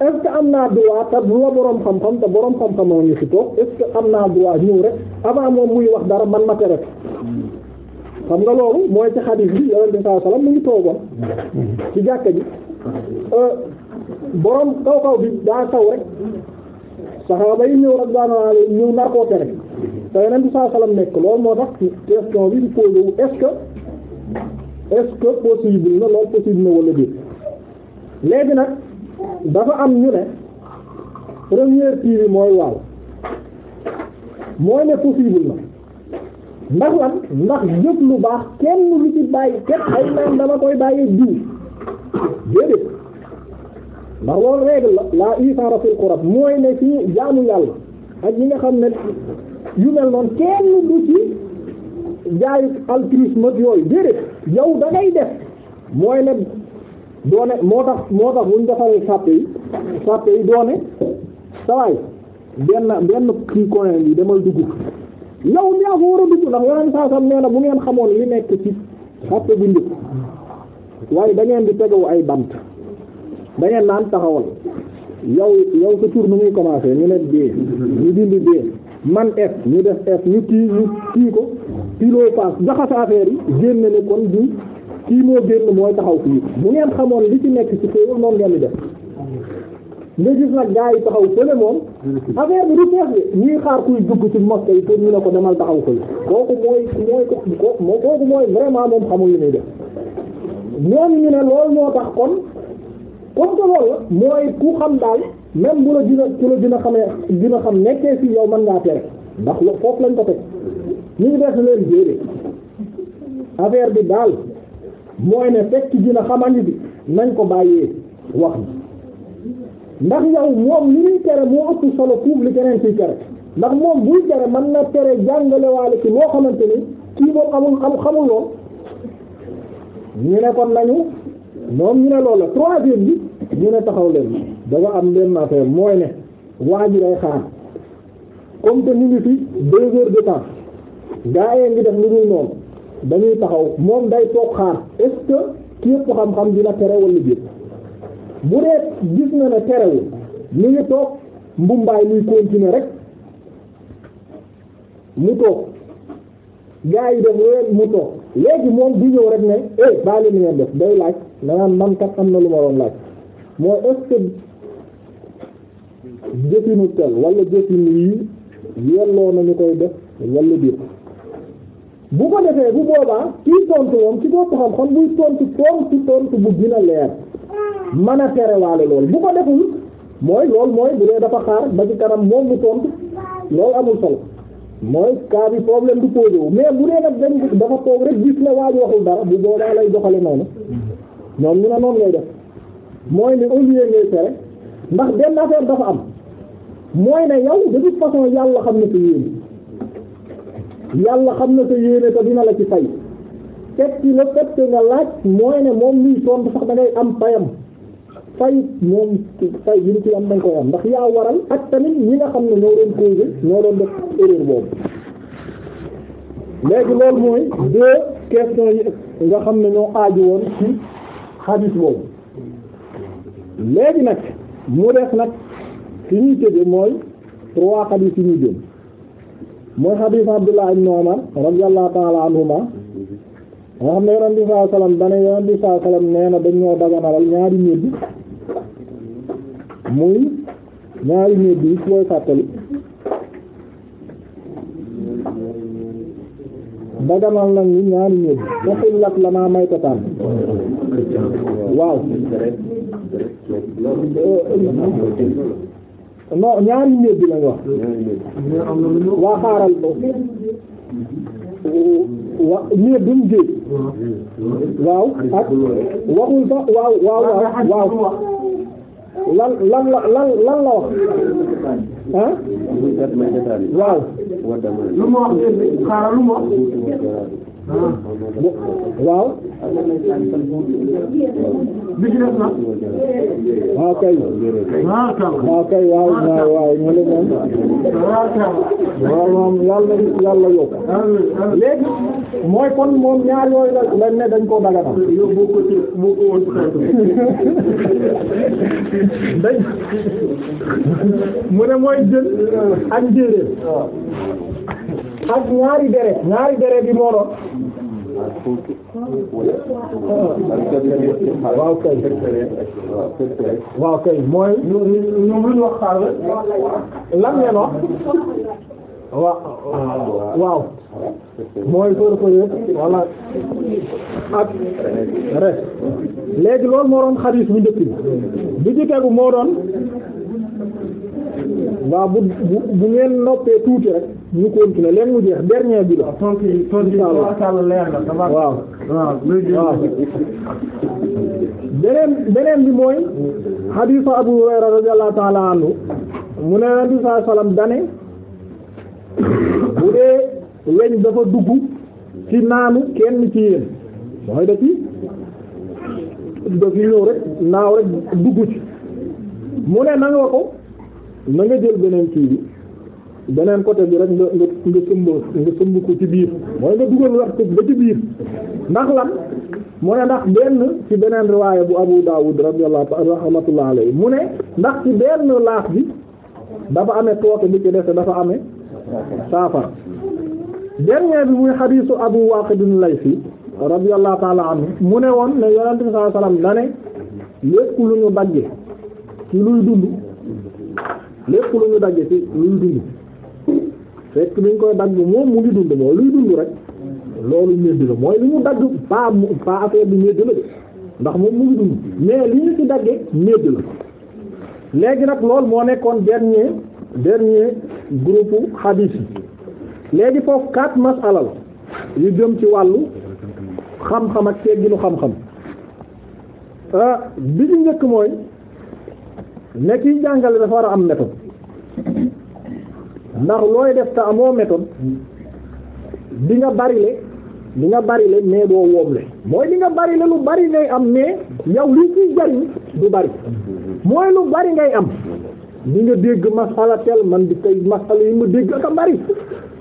est que am naa droit te bu ma boroom xam-xam te boroom xam-xam moo ngi fi toog est am naa droit ñëw rek avant moom muy wax dara man ma tere xam nga loolu mooy ci xadiis bi yonent bi sallallahu mu ngi toogoon ci jàkka bi euh, boroom kaw kaw bi daa kaw rek saxaaba yi ñëw rek daanaka ñëw nar koo tere te yonent bi sallallahu alayhi wasallam nekk loolu moo tax question bi di posé wu est-ce que. est-ce possible na loolu possible na wala déet léegi nag dafa am ñu ne première kii mooy waaw mooy ne possible na ndax lan ndax jëf lu baax kenn lu ci bàyyi ket ay naan dama koy bàyyi diw déedéet ndax loolu règle la la isaara fil qurab mooy ne ci jaamu yàlla ak ñi nga xam ne yu mel noonu kenn du ci jaay altruisme ak yooyu déedéet yow da ngay def mooy ne doone moo tax moo tax bu ñu defaree sàppe yi sàppe yi doone sawaay benn benn kii coin yi demal dugg yow yaa ko war a dugg ndax yeneen saa sam nee na bu ngeen xamoon li nekk ci sàppe bu njëkk waaye da ngeen di tegaw ay bant da ngeen naan taxawal yow yow sa tur nu muy commencer ñu ne dee ñu dindi dee man F ñu def F ñu kii kii ko piloo paas jaxas affaire yi génn ne kon du kii moo génn mooy taxaw fii bu ngeen xamoon li ci nekk ci xéewal noonu ngeen di def nga gis nag gaa yi taxaw fële moom affaire bi du fees bi ñuy xaar kuy dugg ci mosquée yi pour ñu ne ko demal taxaw fële kooku mooy mooy ko moo kooku mooy vraiment moom xamul li muy def ñooñu ñu ne loolu moo tax kon comme que loolu la mooy ku xam daal même bu la dina ku dina xamee dina xam nekkee fii yow man ngaa tere ndax foofu lañ ko teg ñu def leen déedéet affaire bi daal mooy ne fekk dina xamandi bi nañ ko bàyyee wax bi ndax yow moom li muy tere moo ëpp solo fuuf li keneen ciy tere ndax moom buy tere mën na tere jàngalewaale ci loo xamante ni kii moom amul xam xamul lool ñu ne kon nañu moom ñu ne loolu la troisième bi ñu ne taxaw leen dafa am benn affaire mooy ne waa ji comme te ñu ngi fi deux heures de temps gaa yi ngi def lu dul noonu dañuy taxaw moom day toog xaar est-ce que képp xam-xam dina tere wala jël bu dee gis na ne terewul mi ngi toog mbumbaay luy continuer rek mu toog gaa yi def wéer mu toog léegi moom di ñëw rek ne eh baale ni ngeen def day laaj danaan man kat am na lu ma doon laaj mooy est jëfinu tel wala jëfinu yi yelloo nañu koy def wala déet bu ko defee bu boobaa kii tontu moom ci bopp xam-xam buy tontu tontu tontu bu gën a leer man a tere terewaale loolu bu ko deful mooy loolu mooy bu dee dafa xaar ba ci kanam moom mu tontu loolu amul solo mooy cas bi problème du posé wu mais bu dee nag dañ dafa toog rek gis ne waaj waxul dara bu boobaa lay doxale noonu ñoom ñu ne noonu lay def mooy ne au ngay tere ndax benn affaire dafa am mooy na yow de toute façon yàlla xam ne ci yéen. yàlla xam na sa yéene te dina la ci fay fekk ci la fekk nga laaj mooy ne moom liy sonn sax da am fayam fay moom fay yi ñu ci am da nga koy am ndax yaa waral ak tamit ñi nga xam ne ñoo doon causé ñoo doon def erreur boobu léegi loolu mooy deux questions yi nga xam ne ñoo aaju woon ci hadith boobu léegi nag mu def nag fi ñuy tëje mooy trois hadith yi ñu jëm mooy xadiis Abdullah ibn Umar radiyallahu ta'ala anhuma nga xam ne yonent bi sallallahu alayhi wasallam dana yonent bi sallallahu alayhi wasallam nee na dañ ñoo daganalal ñaari ñédd muy ñaari ñédd yi koy fàttali daganal nañ ñu ñaari ñédd taxillat lanaa maytataan waaw non ñaari mbir bi lañ wax. waa xaaral wa ñebe bi mu waw waaw ak waxul sax waaw waaw waaw waaw. lan lan la lan lan la wax. ah. waaw. bi ci des na. waaw kay. waaw kay waaw waaw waaw ñu ne moom. waaw moom yàlla yàlla yokk. léegi mooy kon moom ñaar yooyu la ne dañ koo daganal. dañ mu ne mooy jën ak njéeréer. ak ñaari deret ñaari deret bi moo doon. waaw kay waaw kay mooy ñoom lu ñu wax xaar lan ngeen wax waaw waaw mooy sóor ko yëpp walla ak rek léegi loolu moo doon xadiis bu njëkk bi bi ci tegu moo doon waaw bu bu ngeen noppee tuuti ñu continuer leen mu jeex dernier bi la. waaw waaw beneen beneen bi mooy hadith Abu Hurayra radiyallahu ta'ala mu ne nabi sallallahu alayhi dane bu dee weñ dafa dugg ci naanu kenn ci yéen mooy da ci dafi ñëw rek naaw rek dugg ci mu ne na nga ko na jël beneen kii bi beneen côté bi rek nga nga nga sëmb nga sëmb ko ci biir mooy nga dugal wax ko ba ci biir ndax lan mu ne ndax benn ci beneen riwaaya bu Abu Dawud radiyallahu rahmatullahi alayhi mu ne ndax ci benn laaf bi dafa amee tooke bi ci dese dafa amee saafara dernier bi muy xadiisu Abu Waaqid al-Laythi radiyallahu ta'ala anhu mu ne woon ne yonent bi sallallahu alayhi wasallam dane lépp lu ñu dagge ci luy dund lépp lu ñu dagge ci luy dund fekk bi ñu koy dagg moom mu ngi dund mooy luy dund rek loolu ñedd la mooy li mu dagg pas pas affaire bi ñedd la de ndax moom mu ngi dund mais li ñu ci daggee ñedd la léegi nag lool moo nekkoon dernier dernier groupe hadith yi léegi foofu quatre masala la yu jëm ci wàllu xam-xam ak tegginu xam-xam euh, bi ñu njëkk mooy nekk yi jàngale dafa war a am méthode ndax looy def te amoo méthode di nga bari le di nga bari le mais doo woomle mooy di bari la lu bari ngay am mais yow li ciy jariñ du bari mooy lu bari ngay am dinga dégg masala tel man di tey masala yi ma dégg ak bari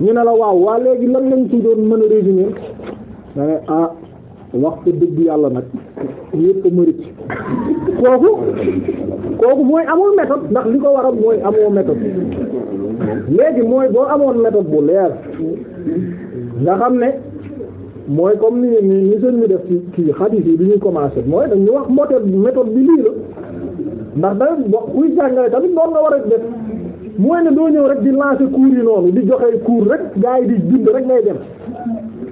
ñu ne la waaw waa léegi lan lañ ci doon mën a résumer da ngay ah wax dëgg yàlla nag yëpp a kooku kooku mooy amul méthode ndax li ko waral mooy amoo méthode léegi mooy boo amoon méthode bu leer nga xam ne mooy kom ni ni ni sëñ bi def ci ci xadiis yi bi ñuy commencé mooy dañu wax méthode méthode bi lii la ndax da bo kuy jàngale tamit noonu nga war a def mooy ne doo ñëw rek di lancer cours yi noonu di joxe cours rek gars yi di bind rek ngay dem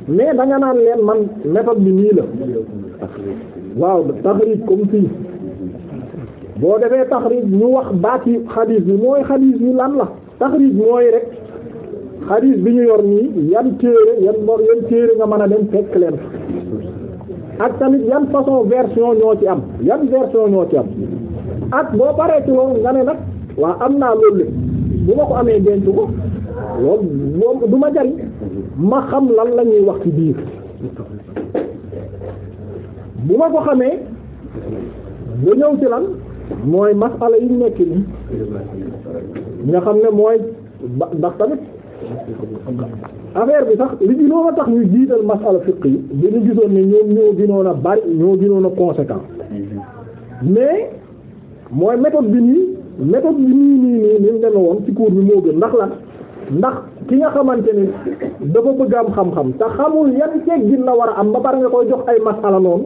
mais da naan leen man méthode bi nii la waaw taxriij comme fii boo defee taxriij ñu wax baati xadiis bi mooy xadiis bi lan la taxriij mooy rek xadiis bi ñu yor nii yan téere yan bor yan téere nga man a dem fekk leen ak tamit yan façon version ñoo ci am yan version ñoo ci am ak boo paree ci loolu nga ne nag waa am naa loolu lépp bu ma ko amee denc ko loolu boo ma jariñ ma xam lan la wax ci biir bu ma ko xamee ba ñëw ci lan mooy masala yi nekk nii nga xam ne mooy ba ndax tamit affaire bi sax li gënoon a tax ñu jiital masala fiqh yi dañu gisoon ne ñoom ñoo gënoon a bari ñoo gënoon a conséquent mais mooy méthode bi nii méthode bi nii nii nii ni mu woon ci cours bi moo gën ndax lan ndax ki nga xamante ni dafa bëgg am xam-xam te xamul yan ceeg gin na war a am ba pare nga koy jox ay masala noonu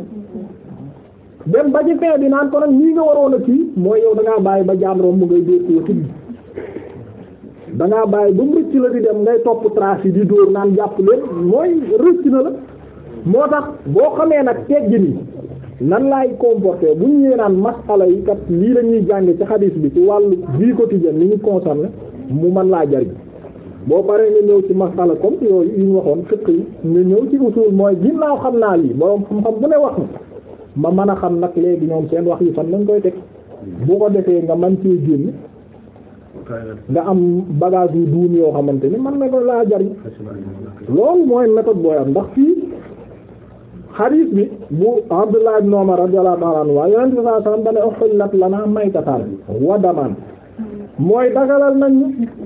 dem ba ci fin bi naan ko nag nii nga waroon a kii mooy yow da ngaa bàyyi ba jaan romb ngay dóor ko wëcc da ngaa bàyyi ba di dem ngay topp trace yi di dóor naan jàpp leen mooy rëcc na la moo tax boo xamee nag teggi ni nan laay comporté bu ñu ñëwee naan masala yi kat lii la ñuy jàng ci xadiis bi ci wàllu vie quotidienne li ñu concerné mu man laa jariñ boo paree nga ñëw ci masala comme yooyu yu ñu waxoon fekk yi nga ñëw ci usul mooy ginnaaw xam naa lii boroom xam-xam bu ne wax na ma mën a xam nag léegi ñoom seen wax yi fan lañ koy teg bu ko defee nga man cee génn nga am bagage yu duun yoo xamante ni man na ko laa jariñ loolu mooy méthode booy am ndax fii xarit bi bu Abdullah ibn Umar radiyallahu ta'ala anhu waaye yonent bi sallallahu alayhi wasallam mooy dagalal nañ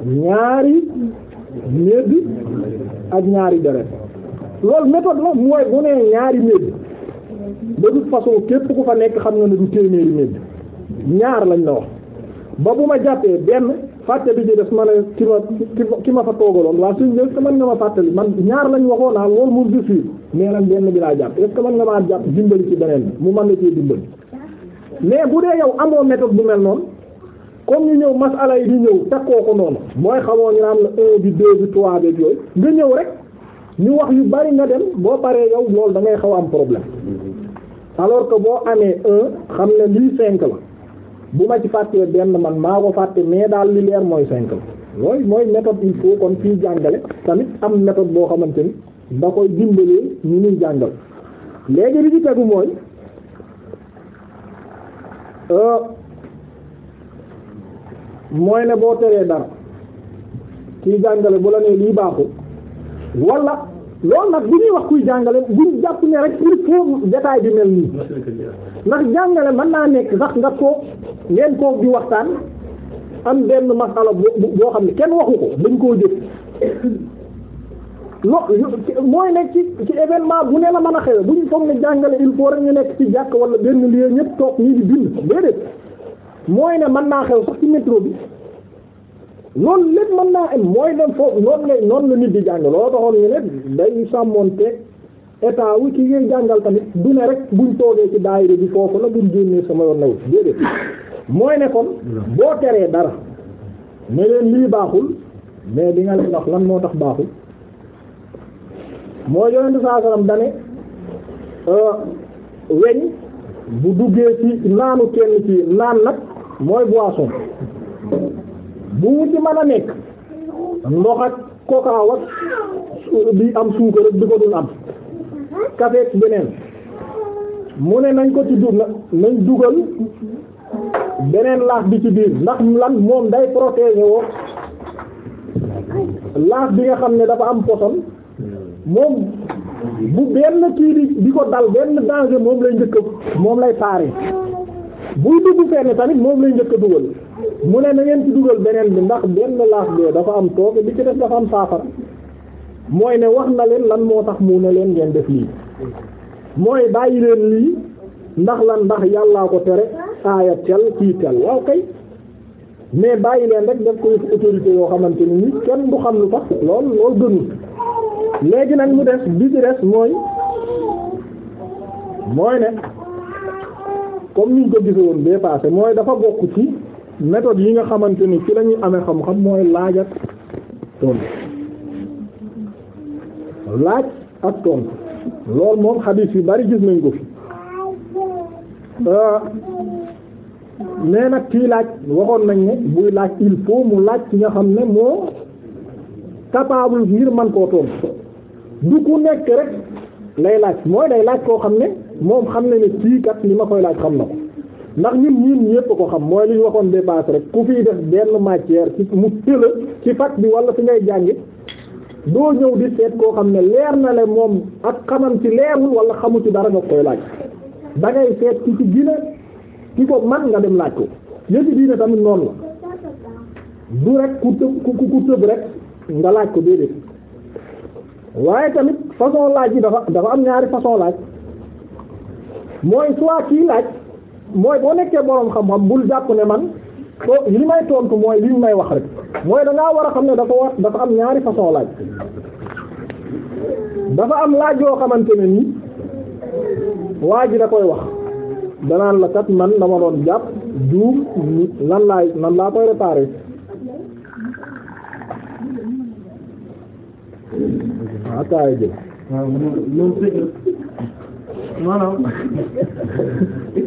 ñaari médd ak ñaari deret loolu méthode la mooy bu nee ñaari médd de toute façon képp ku fa nekk xam nga ne du téeméeri medd ñaar lañ la wax ba bu ma jàppee benn fàtte bi ci des ma ne ki ma ki ma fa toogaloon waa suñ est-ce que mën nga ma fàttali man ñaar lañ waxoon naa ah, loolu moom je suis mais nag benn bi laa jàpp est-ce que mën nga jàpp dimbali ci beneen bi mu mën na cee dimbali mais bu dee yow amoon méthode bu mel noonu comme ñu ñëw masala yi di ñëw takkoo ko noonu mooy xamoo ñu naan la un bi deux bi trois bi yooyu nga ñëw rek ñu wax yu bari nga dem boo paree yow loolu da ngay xaw am problème alors que boo amee xam ne lii cinq la bu ma ci fàttee benn man maa ko fàtte mais daal li leer mooy cinq la loolu mooy méthode il faut kon fii jàngale tamit am méthode boo xamante ni da koy dimbalee ñu ñuy jàngal léegi li ci tegu mooy euh, mooy ne boo teree dara kii jàngale bu la nee lii baaxul wala loolu nag bu ñuy wax kuy jàngale buñ jàpp ne rek il faut jotaay bi mel nii ndax jàngale mën naa nekk sax nga toog ngeen toog bi waxtaan am benn masala boo xam ne kenn waxu ko dañ koo jëf lo mooy nekk ci ci événement bu ne la man a xewe bu ñu foog ne jàngale il faut rek ñu nekk ci jàkk wala benn lieu ñëpp toog nii di bind déedéet mooy ne mën naa xew sax ci métro bi noonu lépp mën naa mooy lan foofu noonu la noonu nit di jàng loolu taxoon ñu ne day sàmmoon teg état wu ki ngay jàngal tamit du ne rek buñ toogee ci daayira bi foofu la buñ génnee sama yoon naw déedéet mooy ne boo teree dara ne leen lii baaxul mais di nga leen wax lan moo tax baaxul mooy yonente saa sallam dane euh, weñ bu duggee ci naanu kenn ci naan nag mooy boisson bu mu ci mën a nekk ndox ak coca bi am suukar ak bi ko dul am café beneen mu ne nañ ko ci dugg nañ dugal beneen laaf bi ci biir ndax lan moom day protéger woo laaf bi nga xam ne dafa am poison moom bu benn kii di ko dal benn danger moom lay njëkk moom lay paare buy dugg fenn tamit moom lay njëkk dugal mu ne na ngeen ci dugal beneen bi ndax benn laaf bee dafa am tooke bi ci def dafa am saafara mooy ne wax na leen lan moo tax mu ne leen ngeen def lii mooy bàyyi leen lii ndax lan ndax yàllaa ko tere aaya tel kii tel waaw kay mais bàyyi leen rek def ko autorité yoo xamante ni kenn bu xam lu tax lool lool gënul léegi nag mu des bi ci des mooy mooy ne comme niñ ko gisoon bee passé mooy dafa bokk ci méthode yi nga xamante ni ci la ñuy amee xam-xam mooy laaj ak tontu laaj ak tontu loolu moom xadiis yu bari gis nañ ko fi euh, mais nag kii laaj waxoon nañ ne buy laaj il faut mu laaj ci nga xam ne moo capable ngir man koo tontu du ku nekk rek lay laaj mooy day laaj koo xam ne moom xam ne ne kii kat li ma koy laaj xam na ko. ndax ñun ñun ñëpp ko xam mooy li waxoon dépassé rek ku fiy def benn matière mu tëla ci fac bi wala fi ngay jàngi doo ñëw di seet koo xam ne leer na le moom ak xaman ci leerul walla xamu ci dara nga koy laaj da ngay seet ci ci gina ci ko man nga dem laaj ko yëpp diine tamit noonu la du rek ku tëb ku tëb rek nga laaj ko déedéet waaye tamit façon laaj yi dafa dafa am ñaari façon laaj mooy soit kii laaj mooy boo nekkee boroom xam-xam bul jàpp ne man to li may tontu mooy li may wax rek mooy da war a xam ne dafa wax dafa am ñaari façon laaj dafa am laaj yoo xamante ne nii waa ji da koy wax danaan la kat man dama doon jàpp juum lan laay nan laa koy réparer waaw jël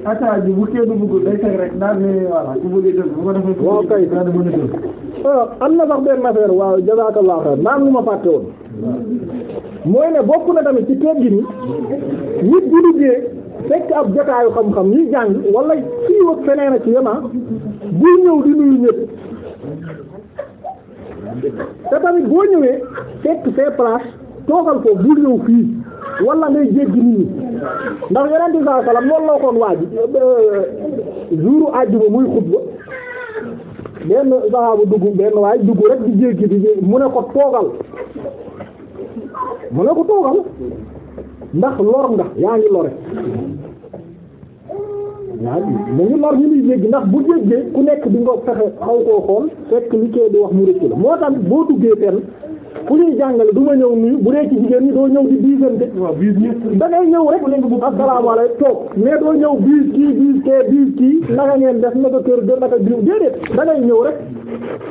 attaque bi bu kenn bëggul day teg rek daal a ah, na sax benn affaire waaw jazakallahu xayr ma fàtte woon. mooy ne bokk na tamit ci gi nii nit bu duggee fekk ab jotaayu xam-xam ñuy jàng wala fii ak feneen ak yéen buy ñëw di nuyu ñëpp. te tamit boo ñëwee fekk fee place toogal ko bul ñëw fii. wala ngay jéggi nit ñi ndax yonent bi sallallahu alayhi wasallam loolu la waxoon waa ji euh, jouru àjjuma muy xutba benn saxaabu dugg benn waay dugg rek di jéggi mu ne ko toogal mu ne ko toogal ndax lor nga yaa ngi lore yaa mu ngi lor ñu ngi jéggi ndax bu jéggee ku nekk di nga fexe xaw koo xool fekk kee di wax mu rëcc la moo tax boo duggee fenn ku ñuy jàngale du ma ñëw nuyu bu dee ci jigéen ñi doo ñëw di diisante da ngay ñëw rek asalaamaaleykum toog mais doo ñëw biis kii biis kee biis kii naka ngeen def naka kër ga naka di déedéet da ngay ñëw rek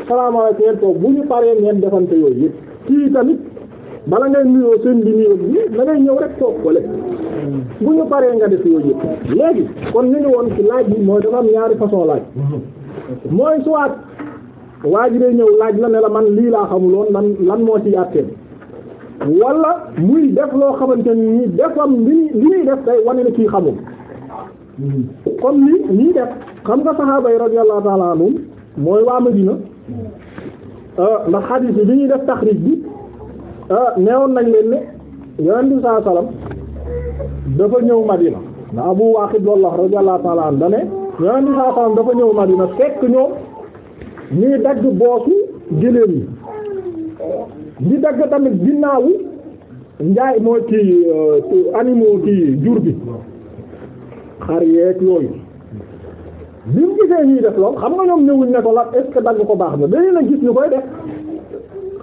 salaamaaleykum ngeen toog bu ñu paree ngeen defante yooyu yëpp kii tamit bala ngay nuyoo seen bi nii da ngay ñëw rek toog ko le bu ñu paree nga def yooyu yëpp léegi kon ñu ngi woon ci laaj bi mooy dafa am ñaari façon laaj mhm. mooy soit waa ji day ñëw laaj la ne la man lii laa xamuloon lan lan moo ci yàttee wala muy def loo xamante ni defam li li ñuy def day wane ne kii xamul comme ni ñuy def xam nga saxaaba yi radiyallahu ta'ala anhum mooy waa Madina euh, ndax xadiis yi bi ñuy def taxriij bi euh, neewoon nañ leen ne yonent bi saa salaam dafa ñëw Madina ndax Abu Waaqid loolu la radiyallahu ta'ala anhu da ne yonent saa salaam dafa ñëw Madina fekk ñoom. ñuy dagg boosu géléem yi di dagg tamit ginnaawu njaay mooy ci euh, animaux ci jur bi xar yeeg yooyu bi mu gisee ñuy def lool xam nga ñoom ñëwuñ ne ko la est dagg ko baax na dañu na gis ñu koy def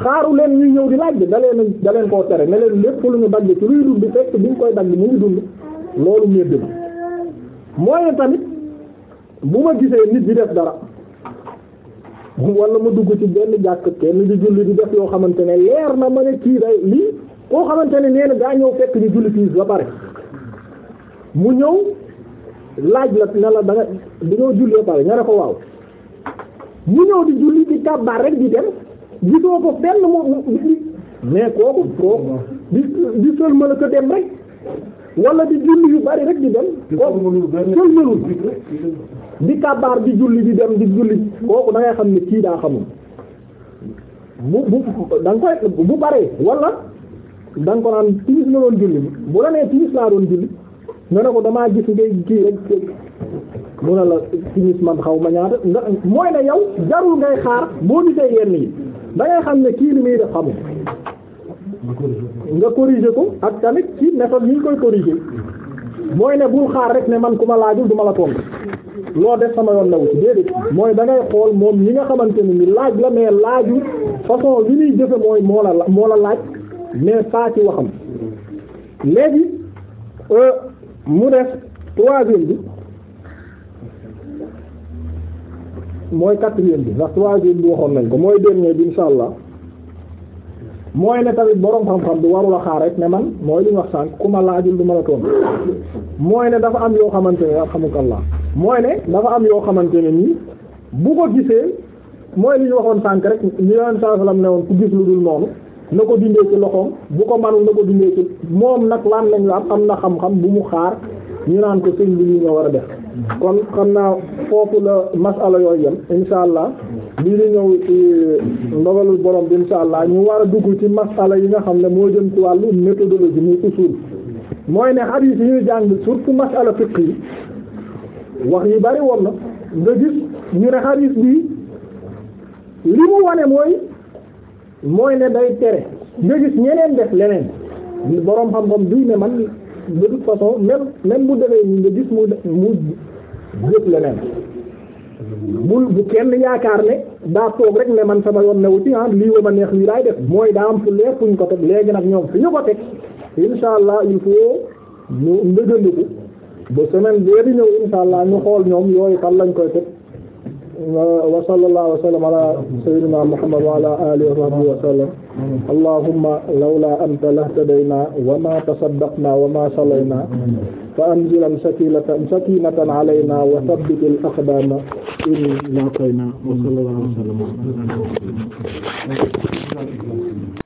xaaru leen ñuy ñëw di laaj bi da leen da koo tere ne leen lépp lu ñu dagg ci luy dund fekk bi ñu koy dagg mu ngi dund loolu médd bi mooy tamit bu ma gisee nit bi def dara wala ma dugg ci benn jàkk kenn di julli di def yoo xamante ne leer na ma ne kii day lii koo xamante ne nee na daa ñëw fekk ñu julli fii ba pare mu ñëw laaj la ne la da nga dañoo julli ba pare nga ne ko waaw mu ñëw di julli di kàbbaar rek di dem gisoo ko fenn moom mais kooku trop di di sëlmal ko dem rek wala di julli yu bari rek di dem. kooku sëlmalul di kabaar di julli di dem di julli kooku da ngay xam ne kii daa xamul bu bu da nga koy bu baree wala da ko naan timis la doon julli bu la nee timis laa doon julli nga ne ko damaa gis ngay kii rek mu ne la timis man xaw ma ñaata nga mooy ne yow jarul ngay xaar boo gisee yenn yi da xam ne kii li muy def xamul nga corriger ko ak tamit ci méthode yi ñu koy corriger mooy ne bul xaar rek ne man ku ma laajul du ma la tontu. loo def sama yoon nawu ci déedéet mooy da ngay xool moom li nga xamante ni laaj la mais laaju façon li muy jëfe mooy moo la moo la laaj mais saa ci waxam léegi euh, mu def troisième bi mooy quatrième bi ndax troisième bi waxoon nañ ko mooy dernier bi insha mooy ne tamit borom xam-xam bi warul a xaar rek ne man mooy li ñu wax sànq ku ma laajul du ma la tontu mooy ne dafa am yoo xamante ne alhamdulilah mooy ne dafa am yoo xamante ne nii bu ko gisee mooy li ñu waxoon sànq rek ñu leen salaam ne woon ku gis lu dul noonu na ko dindee ci loxoom bu ko manul na ko dindee ci moom nag lan lañ la am am na xam-xam bu mu xaar. ñu naan ko sëñ bi lii nga war a def kon xam naa foofu la masala yooyu yem insha allah lii di ñëw ci ndogalul borom bi insha allah ñu war a dugg ci masala yi nga xam ne moo jëm ci wàll méthodologie muy usul mooy ne hadith yi ñuy jàng surtout masala fiqh yi wax yi bari woon na nga gis ñu ne hadith bi li mu wane mooy mooy ne day tere nga gis ñeneen def leneen boroom xam-xam duy ne man de toute façon même même bu defee nga gis mu mu jëf leneen bul bu kenn yaakaar ne daa toog rek ne man sama yoon newu ci ah lii wa ma neex lii laay def mooy daa am fu leer fuñ ko teg léegi nag ñoom fi ñu ko teg insha allah il faut ñu ndëgëndiku ba semaine bee di ñëw insha allah ñu xool ñoom yooyu fan lañ koy teg wa sallallahu wa sallam ala sayyidina muhammad wa ala alihi wa sahbihi allahumma lawla anta lahtadayna wa ma tasaddaqna wa ma salayna fa anzilan sakinatan sakinatan alayna wa thabbit al aqdama inna laqayna wa sallallahu alayhi wa
sallam